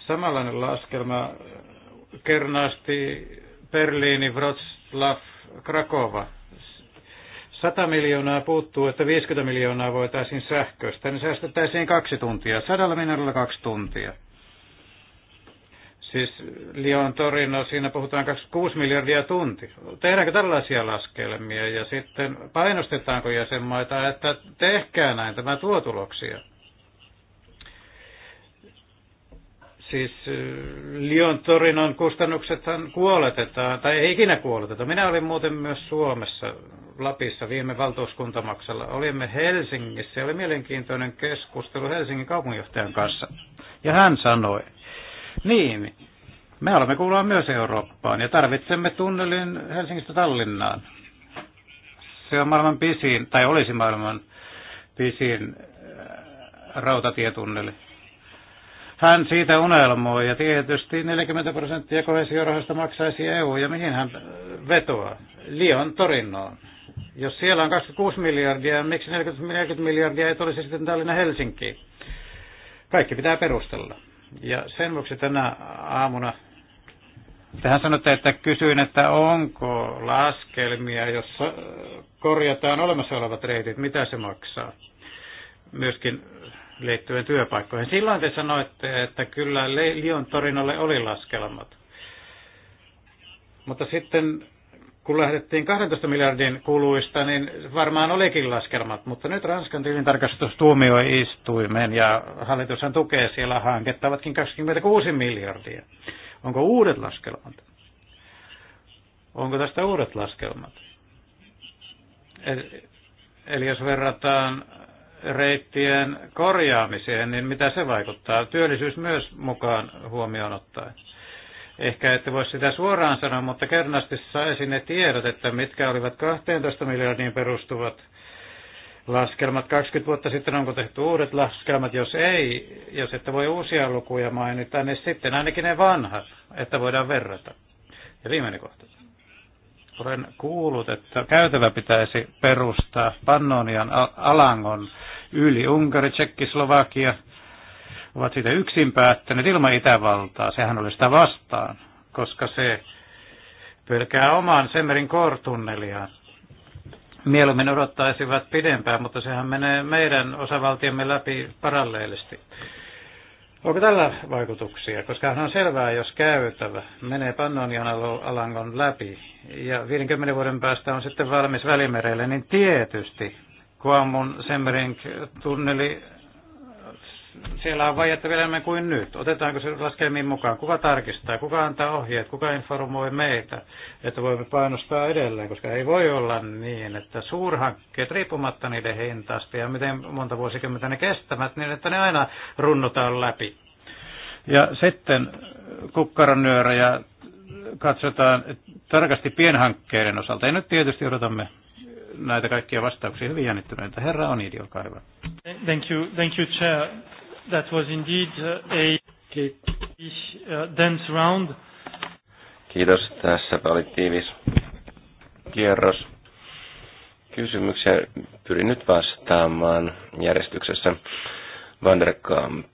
Samanlainen laskelma kernaasti Berliini, Wroclaw, Krakova. 100 miljoonaa puuttuu, että 50 miljoonaa voitaisiin sähköistä, niin säästettäisiin kaksi tuntia. Sadalla minuutilla kaksi tuntia. Siis Lyon Torino, siinä puhutaan 26 miljardia tunti. Tehdäänkö tällaisia laskelmia ja sitten painostetaanko jäsenmaita, että tehkää näin, tämä tuo tuloksia? Siis äh, Lyon Torinon kustannuksethan kuoletetaan, tai ei ikinä kuoleteta. Minä olin muuten myös Suomessa, Lapissa, viime valtuuskuntamaksalla. Olimme Helsingissä ja oli mielenkiintoinen keskustelu Helsingin kaupunginjohtajan kanssa. Ja hän sanoi, niin, me olemme kuulua myös Eurooppaan ja tarvitsemme tunnelin Helsingistä Tallinnaan. Se on maailman pisin, tai olisi maailman pisin äh, rautatietunneli. Hän siitä unelmoi ja tietysti 40 prosenttia kohesiorahasta maksaisi EU ja mihin hän äh, vetoaa? Lion torinnoon? Jos siellä on 26 miljardia, miksi 40 miljardia ei tulisi sitten Tallinna Helsinkiin? Kaikki pitää perustella. Ja sen vuoksi tänä aamuna Tähän sanotte, että kysyin, että onko laskelmia, jossa äh, korjataan olemassa olevat reitit, mitä se maksaa, myöskin liittyen työpaikkoihin. Silloin te sanoitte, että kyllä Lion torinolle oli laskelmat. Mutta sitten kun lähdettiin 12 miljardin kuluista, niin varmaan olikin laskelmat, mutta nyt Ranskan tilintarkastus tuomioistuimen ja hallitushan tukee siellä hanketta, ovatkin 26 miljardia. Onko uudet laskelmat? Onko tästä uudet laskelmat? Eli jos verrataan reittien korjaamiseen, niin mitä se vaikuttaa? Työllisyys myös mukaan huomioon ottaen. Ehkä ette voi sitä suoraan sanoa, mutta kernasti saisi ne tiedot, että mitkä olivat 12 miljardiin perustuvat laskelmat 20 vuotta sitten, onko tehty uudet laskelmat, jos ei, jos ette voi uusia lukuja mainita, niin sitten ainakin ne vanhat, että voidaan verrata. Ja viimeinen kohta. Olen kuullut, että käytävä pitäisi perustaa Pannonian Alangon yli Unkari, Tsekki, Slovakia, ovat siitä yksin päättäneet ilman Itävaltaa. Sehän oli sitä vastaan, koska se pelkää oman Semmerin koortunneliaan. Mieluummin odottaisivat pidempään, mutta sehän menee meidän osavaltiomme läpi paralleellisesti. Onko tällä vaikutuksia? Koska on selvää, jos käytävä menee Pannonian alangon läpi ja 50 vuoden päästä on sitten valmis välimerelle, niin tietysti Kuamun Semmerin tunneli siellä on vajetta vielä enemmän kuin nyt. Otetaanko se laskelmiin mukaan? Kuka tarkistaa? Kuka antaa ohjeet? Kuka informoi meitä, että voimme painostaa edelleen? Koska ei voi olla niin, että suurhankkeet, riippumatta niiden hintaista ja miten monta vuosikymmentä ne kestävät, niin että ne aina runnotaan läpi. Ja sitten ja katsotaan tarkasti pienhankkeiden osalta. Ja nyt tietysti odotamme näitä kaikkia vastauksia hyvin jännittyneitä. Herra on olkaa hyvä. Thank you, thank you, chair. That was indeed uh, a uh, dense round. Kiitos. Tässä oli tiivis kierros. Kysymyksiä pyrin nyt vastaamaan järjestyksessä. Vanderkamp.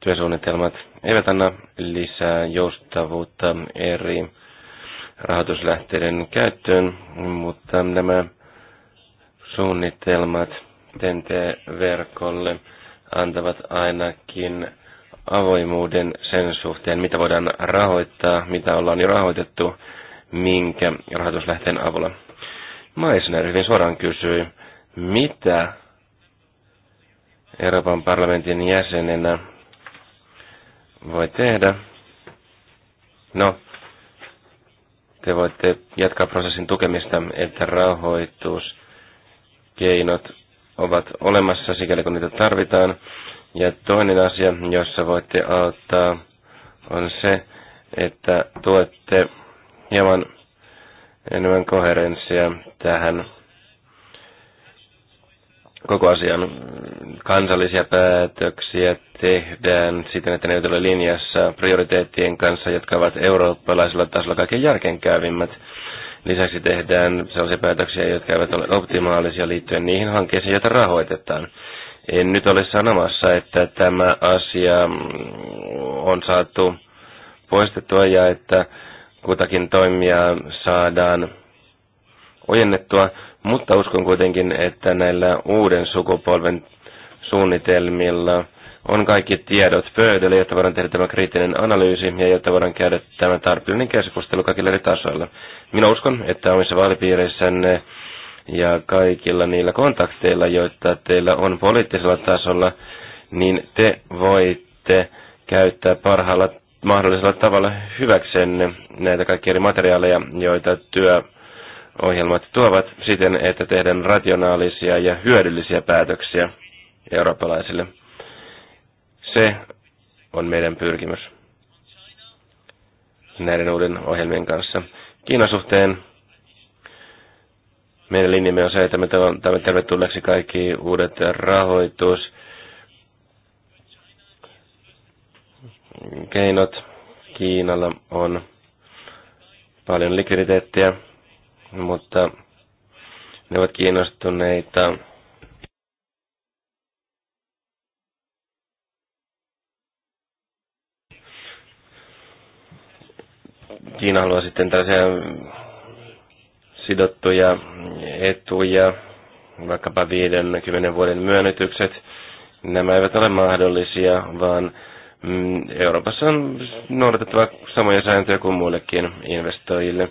Työsuunnitelmat eivät anna lisää joustavuutta eri rahoituslähteiden käyttöön, mutta nämä suunnitelmat – TNT-verkolle antavat ainakin avoimuuden sen suhteen, mitä voidaan rahoittaa, mitä ollaan jo rahoitettu, minkä rahoituslähteen avulla. Maisner hyvin suoraan kysyi, mitä Euroopan parlamentin jäsenenä voi tehdä. No, te voitte jatkaa prosessin tukemista, että rahoituskeinot ovat olemassa, sikäli kun niitä tarvitaan. Ja toinen asia, jossa voitte auttaa, on se, että tuette hieman enemmän koherenssia tähän koko asian kansallisia päätöksiä tehdään siten, että ne eivät ole linjassa prioriteettien kanssa, jotka ovat eurooppalaisella tasolla kaiken järkeenkäyvimmät. Lisäksi tehdään sellaisia päätöksiä, jotka eivät ole optimaalisia liittyen niihin hankkeisiin, joita rahoitetaan. En nyt ole sanomassa, että tämä asia mm, on saatu poistettua ja että kutakin toimia saadaan ojennettua, mutta uskon kuitenkin, että näillä uuden sukupolven suunnitelmilla – on kaikki tiedot pöydällä, jotta voidaan tehdä tämä kriittinen analyysi ja jotta voidaan käydä tämä tarpeellinen keskustelu kaikilla eri tasoilla. Minä uskon, että omissa vaalipiireissänne ja kaikilla niillä kontakteilla, joita teillä on poliittisella tasolla, niin te voitte käyttää parhaalla mahdollisella tavalla hyväksenne näitä kaikkia eri materiaaleja, joita työohjelmat tuovat siten, että tehdään rationaalisia ja hyödyllisiä päätöksiä eurooppalaisille. Se on meidän pyrkimys näiden uuden ohjelmien kanssa. Kiinan suhteen meidän linjamme on se, että me toivotamme tervetulleeksi kaikki uudet rahoitus, keinot. Kiinalla on paljon likviditeettiä, mutta ne ovat kiinnostuneita Kiina haluaa sitten tällaisia sidottuja etuja, vaikkapa 50 vuoden myönnytykset. Nämä eivät ole mahdollisia, vaan mm, Euroopassa on noudatettava samoja sääntöjä kuin muillekin investoijille.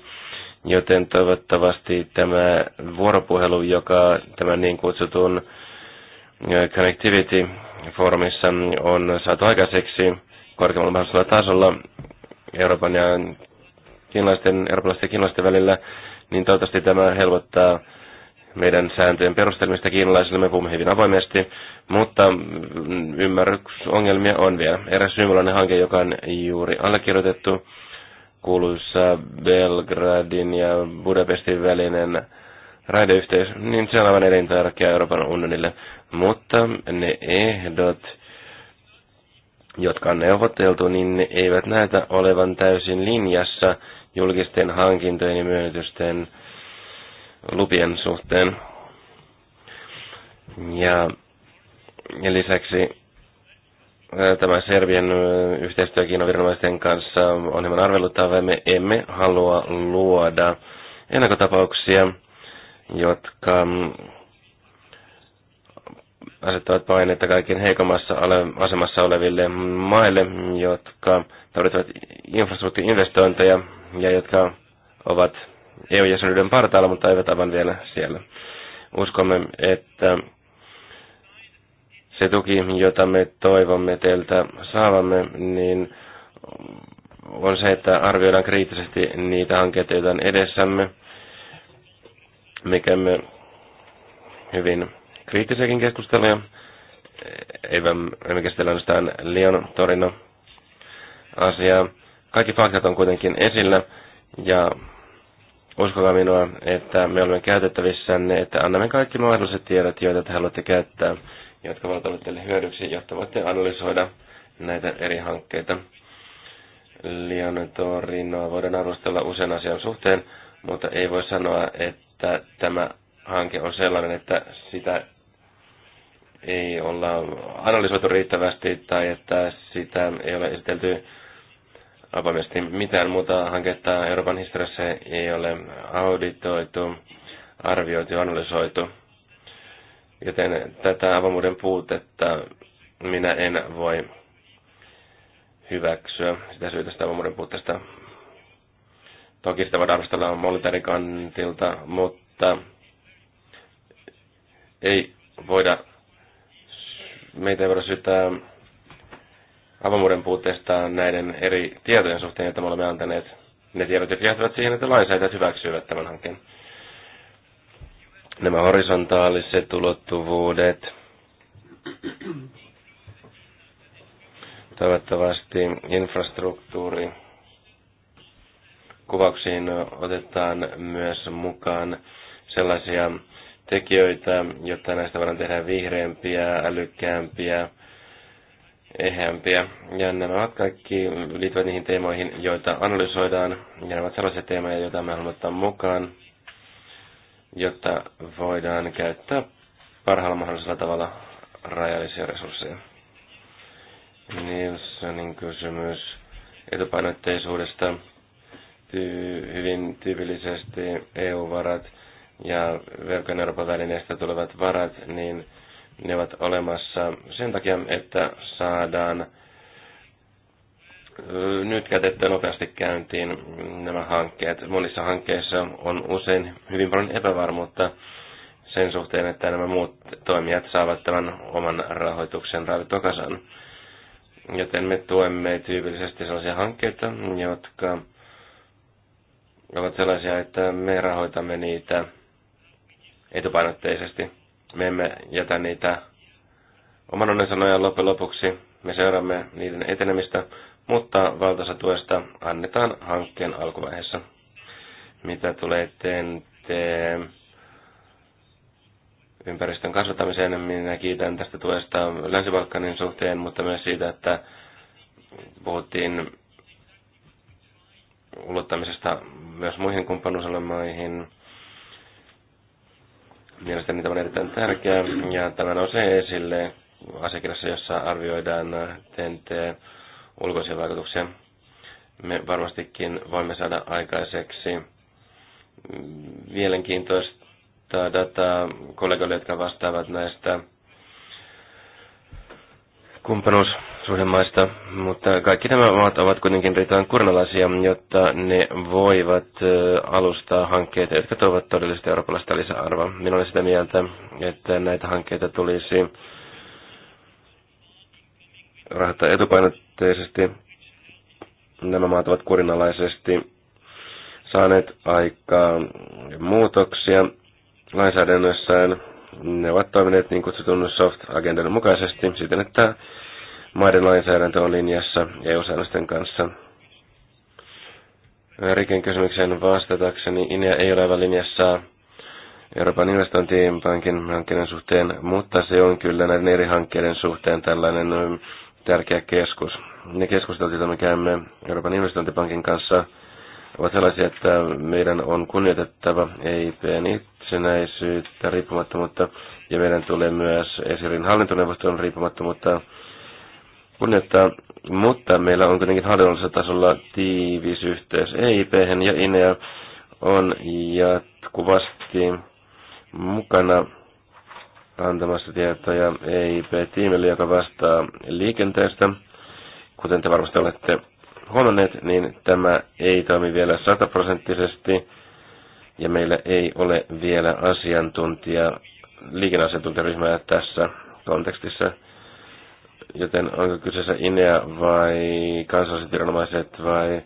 Joten toivottavasti tämä vuoropuhelu, joka tämän niin kutsutun äh, Connectivity-foorumissa on saatu aikaiseksi korkeammalla tasolla Euroopan ja kiinalaisten, eurooppalaisten ja kiinalaisten välillä, niin toivottavasti tämä helpottaa meidän sääntöjen perustelmista kiinalaisille, me puhumme hyvin avoimesti, mutta ymmärryksongelmia on vielä. Eräs symbolinen hanke, joka on juuri allekirjoitettu, kuuluissa Belgradin ja Budapestin välinen raideyhteys, niin se on aivan elintärkeä Euroopan unionille. Mutta ne ehdot, jotka on neuvoteltu, niin ne eivät näytä olevan täysin linjassa – julkisten hankintojen ja myönnytysten lupien suhteen. Ja, ja lisäksi tämä Serbian yhteistyö Kiinan kanssa on hieman että Me emme halua luoda ennakkotapauksia, jotka mm, asettavat painetta kaikkien heikommassa asemassa oleville maille, jotka tarvitsevat investointeja ja jotka ovat EU-jäsenyyden partaalla, mutta eivät aivan vielä siellä. Uskomme, että se tuki, jota me toivomme teiltä saavamme, niin on se, että arvioidaan kriittisesti niitä hankkeita, joita on edessämme, mikä me hyvin kriittisiäkin keskusteluja. Emme käsitellä ainoastaan Leon Torino asiaa. Kaikki faktat on kuitenkin esillä ja uskokaa minua, että me olemme käytettävissänne, että annamme kaikki mahdolliset tiedot, joita te haluatte käyttää, jotka voivat olla teille hyödyksi, jotta voitte analysoida näitä eri hankkeita. Leon Torinoa voidaan arvostella usean asian suhteen, mutta ei voi sanoa, että tämä hanke on sellainen, että sitä ei olla analysoitu riittävästi tai että sitä ei ole esitelty avoimesti. Mitään muuta hanketta Euroopan historiassa ei ole auditoitu, arvioitu ja analysoitu. Joten tätä avoimuuden puutetta minä en voi hyväksyä sitä syytä sitä avoimuuden puutteesta. Toki sitä voidaan arvostella monetaarikantilta, mutta ei voida, meitä ei voida syyttää avomuuden puutteesta näiden eri tietojen suhteen, että me olemme antaneet ne tiedot, jotka johtavat siihen, että lainsäätäjät hyväksyivät tämän hankkeen. Nämä horisontaaliset ulottuvuudet toivottavasti infrastruktuuri kuvauksiin otetaan myös mukaan sellaisia tekijöitä, jotta näistä voidaan tehdä vihreämpiä, älykkäämpiä, eheämpiä. Ja nämä ovat kaikki liittyvät niihin teemoihin, joita analysoidaan. Ja nämä ovat sellaisia teemoja, joita me haluamme ottaa mukaan, jotta voidaan käyttää parhaalla mahdollisella tavalla rajallisia resursseja. Nilssonin kysymys etupainotteisuudesta. Tyy, hyvin tyypillisesti EU-varat ja verkon Euroopan välineestä tulevat varat, niin – ne ovat olemassa sen takia, että saadaan nyt käytettyä nopeasti käyntiin nämä hankkeet. Monissa hankkeissa on usein hyvin paljon epävarmuutta sen suhteen, että nämä muut toimijat saavat tämän oman rahoituksen raavittua Joten me tuemme tyypillisesti sellaisia hankkeita, jotka ovat sellaisia, että me rahoitamme niitä etupainotteisesti. Me emme jätä niitä oman onnen sanoja loppujen lopuksi. Me seuraamme niiden etenemistä, mutta valtaosa tuesta annetaan hankkeen alkuvaiheessa. Mitä tulee TNT ympäristön kasvattamiseen, minä kiitän tästä tuesta Länsi-Balkanin suhteen, mutta myös siitä, että puhuttiin ulottamisesta myös muihin kumppanuusalueen Mielestäni tämä on erittäin tärkeää ja tämä nousee esille asiakirjassa, jossa arvioidaan TNT ulkoisia vaikutuksia. Me varmastikin voimme saada aikaiseksi mielenkiintoista dataa kollegoille, jotka vastaavat näistä kumppanuus- suhdemaista, mutta kaikki nämä maat ovat kuitenkin riittävän kurnalaisia, jotta ne voivat alustaa hankkeita, jotka tuovat todellisesti eurooppalaista lisäarvoa. Minä olen sitä mieltä, että näitä hankkeita tulisi rahoittaa etupainotteisesti. Nämä maat ovat kurinalaisesti saaneet aikaan muutoksia lainsäädännössään. Ne ovat toimineet niin kutsutun soft-agendan mukaisesti siten, että maiden lainsäädäntö on linjassa EU-säännösten kanssa. Riken kysymykseen vastatakseni Inia ei ole aivan linjassa Euroopan investointipankin hankkeiden suhteen, mutta se on kyllä näiden eri hankkeiden suhteen tällainen tärkeä keskus. Ne keskustelut, joita me käymme Euroopan investointipankin kanssa, ovat sellaisia, että meidän on kunnioitettava EIPn itsenäisyyttä, riippumattomuutta, ja meidän tulee myös esirin hallintoneuvoston riippumattomuutta kunnioittaa, mutta meillä on kuitenkin hallinnollisella tasolla tiivis yhteys eip ja INEA on jatkuvasti mukana antamassa tietoja EIP-tiimille, joka vastaa liikenteestä. Kuten te varmasti olette huomanneet, niin tämä ei toimi vielä sataprosenttisesti ja meillä ei ole vielä asiantuntija, liikenneasiantuntijaryhmää tässä kontekstissa – joten onko kyseessä INEA vai kansalliset viranomaiset vai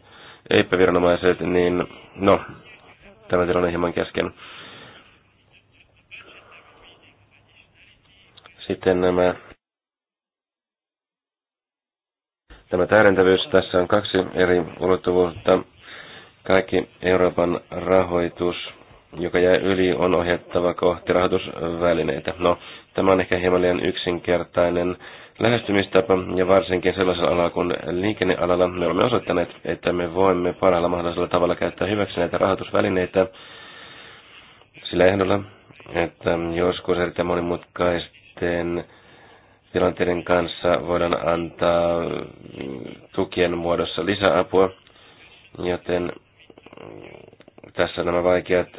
eipä viranomaiset, niin no, tämä tilanne hieman kesken. Sitten nämä Tämä täydentävyys, tässä on kaksi eri ulottuvuutta. Kaikki Euroopan rahoitus, joka jää yli, on ohjattava kohti rahoitusvälineitä. No, tämä on ehkä hieman liian yksinkertainen lähestymistapa, ja varsinkin sellaisella alalla kuin liikennealalla me olemme osoittaneet, että me voimme parhaalla mahdollisella tavalla käyttää hyväksi näitä rahoitusvälineitä sillä ehdolla, että joskus erittäin monimutkaisten tilanteiden kanssa voidaan antaa tukien muodossa lisäapua, joten tässä nämä vaikeat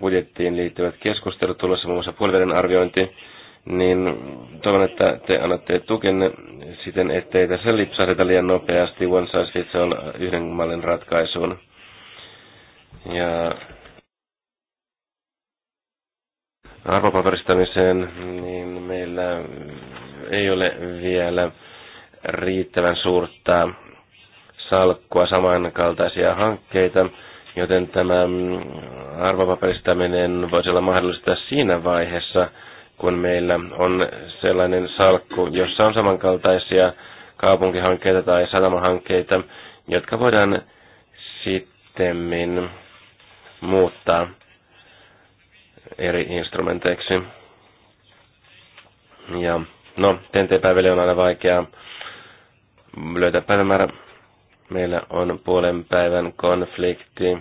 budjettiin liittyvät keskustelut tulossa, muun muassa puolivälin arviointi, niin toivon, että te annatte tukenne siten, ettei tässä lipsahdeta liian nopeasti one size fits all yhden mallin ratkaisuun. Ja arvopaperistamiseen, niin meillä ei ole vielä riittävän suurta salkkua samankaltaisia hankkeita, joten tämä arvopaperistaminen voisi olla mahdollista siinä vaiheessa, kun meillä on sellainen salkku, jossa on samankaltaisia kaupunkihankkeita tai satamahankkeita, jotka voidaan sitten muuttaa eri instrumenteiksi. Ja no, TNT-päiville on aina vaikeaa löytää päivämäärä. Meillä on puolen päivän konflikti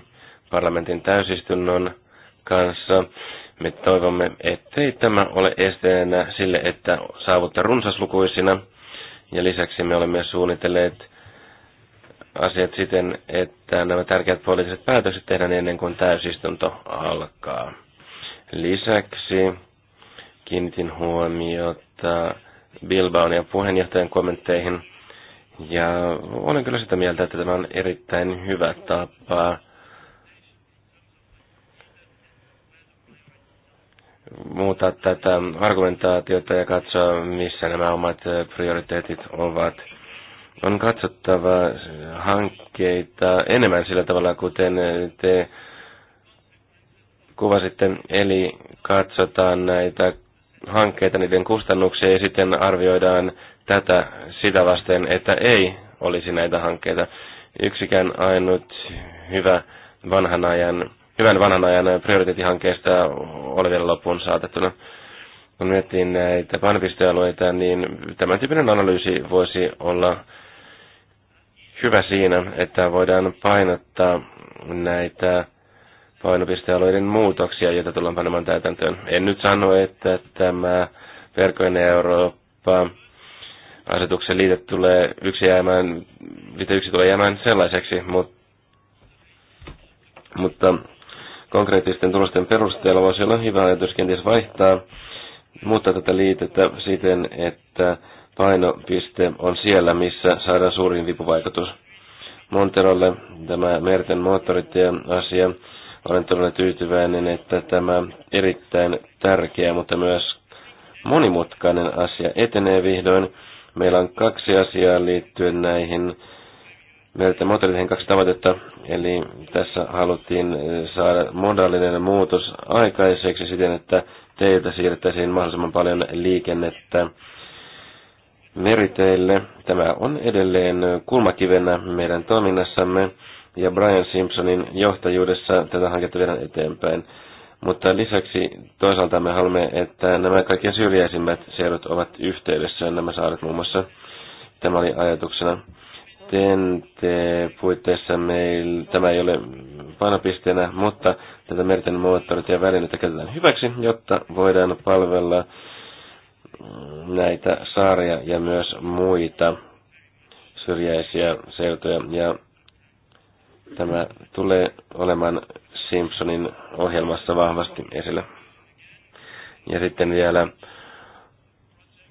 parlamentin täysistunnon kanssa. Me toivomme, ettei tämä ole esteenä sille, että saavutte runsaslukuisina. Ja lisäksi me olemme suunnitelleet asiat siten, että nämä tärkeät poliittiset päätökset tehdään ennen kuin täysistunto alkaa. Lisäksi kiinnitin huomiota Bilbaon ja puheenjohtajan kommentteihin. Ja olen kyllä sitä mieltä, että tämä on erittäin hyvä tapa muuttaa tätä argumentaatiota ja katsoa, missä nämä omat prioriteetit ovat. On katsottava hankkeita enemmän sillä tavalla, kuten te kuvasitte, eli katsotaan näitä hankkeita, niiden kustannuksia ja sitten arvioidaan tätä sitä vasten, että ei olisi näitä hankkeita. Yksikään ainut hyvä vanhan ajan hyvän vanhan ajan prioriteettihankkeesta oli vielä loppuun saatettuna. Kun miettii näitä painopistealueita, niin tämän tyyppinen analyysi voisi olla hyvä siinä, että voidaan painottaa näitä painopistealueiden muutoksia, joita tullaan panemaan täytäntöön. En nyt sano, että tämä verkojen Eurooppa asetuksen liite tulee yksi jäämään, liite yksi tulee jäämään sellaiseksi, mutta, mutta konkreettisten tulosten perusteella voisi olla hyvä ajatus kenties vaihtaa, mutta tätä liitettä siten, että painopiste on siellä, missä saadaan suurin vipuvaikutus. Monterolle tämä merten moottoritien asia. Olen todella tyytyväinen, että tämä erittäin tärkeä, mutta myös monimutkainen asia etenee vihdoin. Meillä on kaksi asiaa liittyen näihin meidän moderniin kaksi tavoitetta, eli tässä haluttiin eh, saada modaalinen muutos aikaiseksi siten, että teiltä siirrettäisiin mahdollisimman paljon liikennettä meriteille. Tämä on edelleen kulmakivenä meidän toiminnassamme ja Brian Simpsonin johtajuudessa tätä hanketta viedään eteenpäin. Mutta lisäksi toisaalta me haluamme, että nämä kaikkien syrjäisimmät seudut ovat yhteydessä, nämä saaret muun muassa. Tämä oli ajatuksena. TNT-puitteissa meil, tämä ei ole painopisteenä, mutta tätä merten ja välineitä käytetään hyväksi, jotta voidaan palvella mm, näitä saaria ja myös muita syrjäisiä seutuja. Ja tämä tulee olemaan Simpsonin ohjelmassa vahvasti esillä. Ja sitten vielä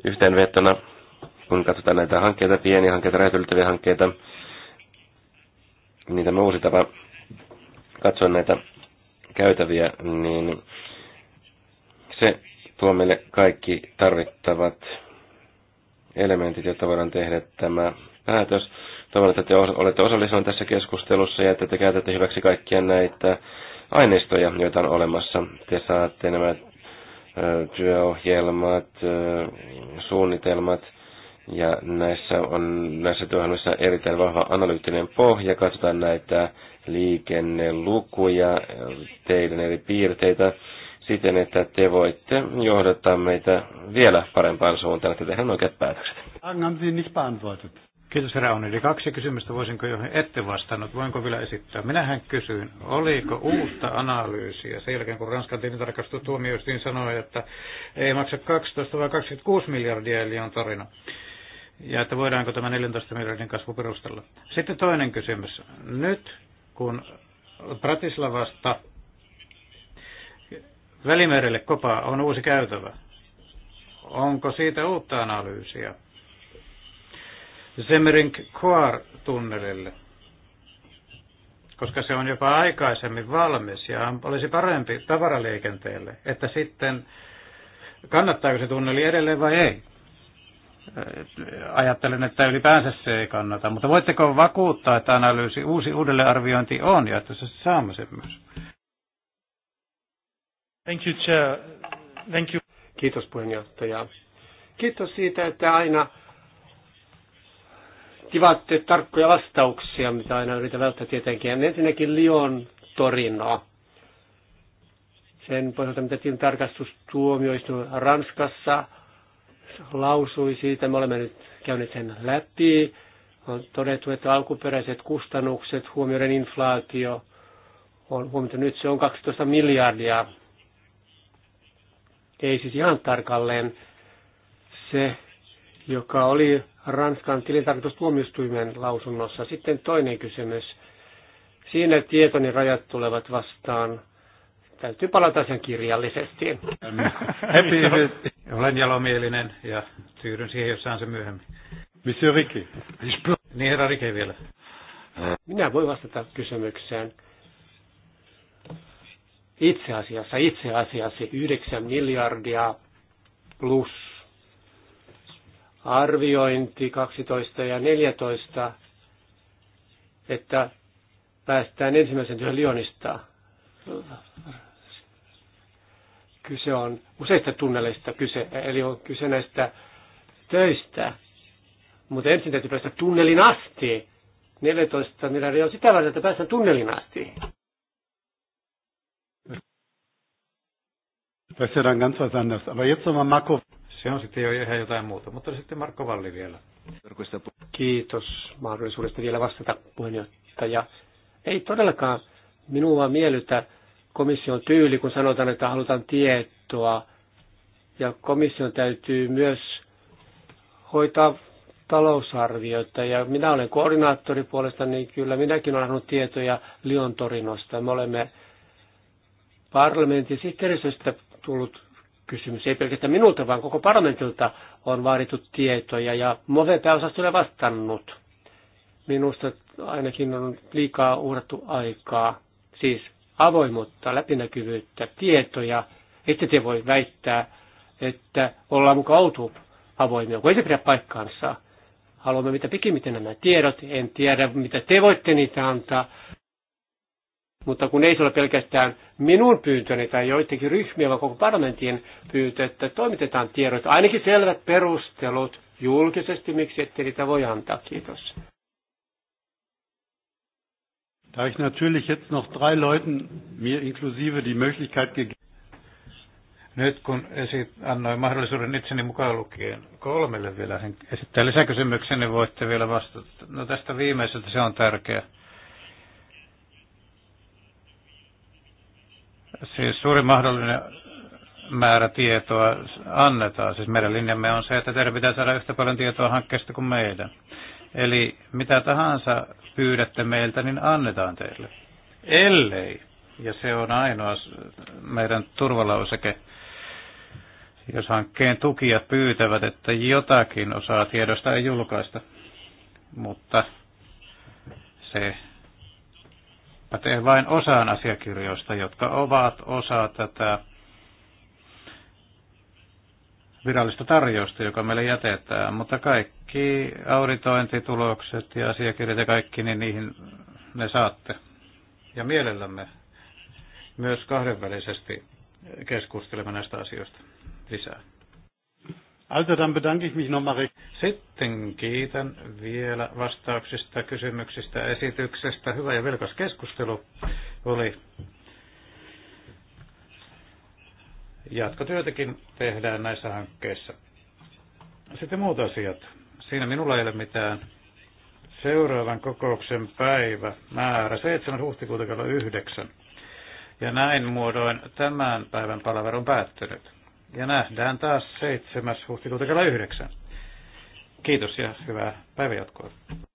yhteenvetona kun katsotaan näitä hankkeita, pieniä hankkeita, räätyltäviä hankkeita, niitä tämä uusi tapa katsoa näitä käytäviä, niin se tuo meille kaikki tarvittavat elementit, jotta voidaan tehdä tämä päätös. Toivon, että te olette osallisena tässä keskustelussa ja että te käytätte hyväksi kaikkia näitä aineistoja, joita on olemassa. Te saatte nämä työohjelmat, suunnitelmat – ja näissä, on, näissä työhjelmissä erittäin vahva analyyttinen pohja. Katsotaan näitä liikennelukuja, teidän eri piirteitä siten, että te voitte johdattaa meitä vielä parempaan suuntaan, että tehdään oikeat päätökset. Kiitos herra Onili. Kaksi kysymystä voisinko, johon ette vastannut. Voinko vielä esittää? Minähän kysyin, oliko uutta analyysiä sen jälkeen, kun Ranskan tilintarkastustuomioistuin sanoi, että ei maksa 12 vai 26 miljardia, eli on tarina ja että voidaanko tämä 14 miljardin kasvu perustella. Sitten toinen kysymys. Nyt kun Bratislavasta Välimerelle kopa on uusi käytävä, onko siitä uutta analyysiä? Semmering Koar tunnelille, koska se on jopa aikaisemmin valmis ja olisi parempi tavaraliikenteelle, että sitten kannattaako se tunneli edelleen vai ei ajattelen, että ylipäänsä se ei kannata. Mutta voitteko vakuuttaa, että analyysi, uusi uudelleenarviointi on ja että se saamme sen myös? Thank you, Chair. Thank you. Kiitos puheenjohtaja. Kiitos siitä, että aina tivaatte tarkkoja vastauksia, mitä aina yritän välttää tietenkin. Ensinnäkin Lion torinoa. Sen pohjalta, mitä tilintarkastustuomioistuin Ranskassa – lausui siitä, me olemme nyt käyneet sen läpi. On todettu, että alkuperäiset kustannukset, huomioiden inflaatio, on huomioitu nyt se on 12 miljardia. Ei siis ihan tarkalleen se, joka oli Ranskan tilintarkastustuomioistuimen lausunnossa. Sitten toinen kysymys. Siinä tietoni rajat tulevat vastaan. Täytyy palata sen kirjallisesti. Happy olen jalomielinen ja tyydyn siihen, jos saan sen myöhemmin. Monsieur Rikki. Niin, herra Rike vielä. Minä voin vastata kysymykseen. Itse asiassa, itse asiassa 9 miljardia plus arviointi 12 ja 14, että päästään ensimmäisen työn Lionista Kyse on useista tunneleista kyse, eli on kyse näistä töistä. Mutta ensin täytyy päästä tunnelin asti. 14 miljardia on sitä varten, että päästään tunnelin asti. ganz was Aber jetzt Marco. Se on sitten jo ihan jotain muuta, mutta sitten Marko Valli vielä. Kiitos mahdollisuudesta vielä vastata puheenjohtaja. Ei todellakaan minua miellytä komission tyyli, kun sanotaan, että halutaan tietoa. Ja komission täytyy myös hoitaa talousarviota. Ja minä olen koordinaattori puolesta, niin kyllä minäkin olen ollut tietoja Lion Torinosta. Me olemme parlamentin sihteeristöstä tullut kysymys. Ei pelkästään minulta, vaan koko parlamentilta on vaadittu tietoja ja Move pääosastolle vastannut. Minusta ainakin on liikaa uhrattu aikaa. Siis avoimuutta, läpinäkyvyyttä, tietoja, että te voi väittää, että ollaan muka oltu avoimia, kun ei se pidä paikkaansa. Haluamme mitä pikimmiten nämä tiedot, en tiedä mitä te voitte niitä antaa, mutta kun ei se ole pelkästään minun pyyntöni tai joidenkin ryhmien, vaan koko parlamentin pyyntö, että toimitetaan tiedot, ainakin selvät perustelut julkisesti, miksi ette niitä voi antaa. Kiitos. Da ich natürlich jetzt noch drei Leuten, mir inklusive, die Möglichkeit gegeben nyt kun esit, annoi mahdollisuuden itseni mukaan lukien kolmelle vielä sen niin esittää lisäkysymyksen, niin voitte vielä vastata. No tästä viimeiseltä se on tärkeä. Siis suuri mahdollinen määrä tietoa annetaan. Siis meidän linjamme on se, että teidän pitää saada yhtä paljon tietoa hankkeesta kuin meidän. Eli mitä tahansa pyydätte meiltä, niin annetaan teille. Ellei, ja se on ainoa meidän turvalauseke, jos hankkeen tukijat pyytävät, että jotakin osaa tiedosta ei julkaista. Mutta se pätee vain osaan asiakirjoista, jotka ovat osa tätä virallista tarjousta, joka meille jätetään, mutta kaikki kaikki auditointitulokset ja asiakirjat ja kaikki, niin niihin ne saatte. Ja mielellämme myös kahdenvälisesti keskustelemme näistä asioista lisää. Also dann bedanke ich mich nochmal Sitten kiitän vielä vastauksista, kysymyksistä, esityksestä. Hyvä ja vilkas keskustelu oli. Jatkotyötäkin tehdään näissä hankkeissa. Sitten muut asiat. Siinä minulla ei ole mitään. Seuraavan kokouksen päivä, määrä 7. huhtikuuta kello 9. Ja näin muodoin tämän päivän palaver on päättynyt. Ja nähdään taas 7. huhtikuuta kello 9. Kiitos ja hyvää päivänjatkoa.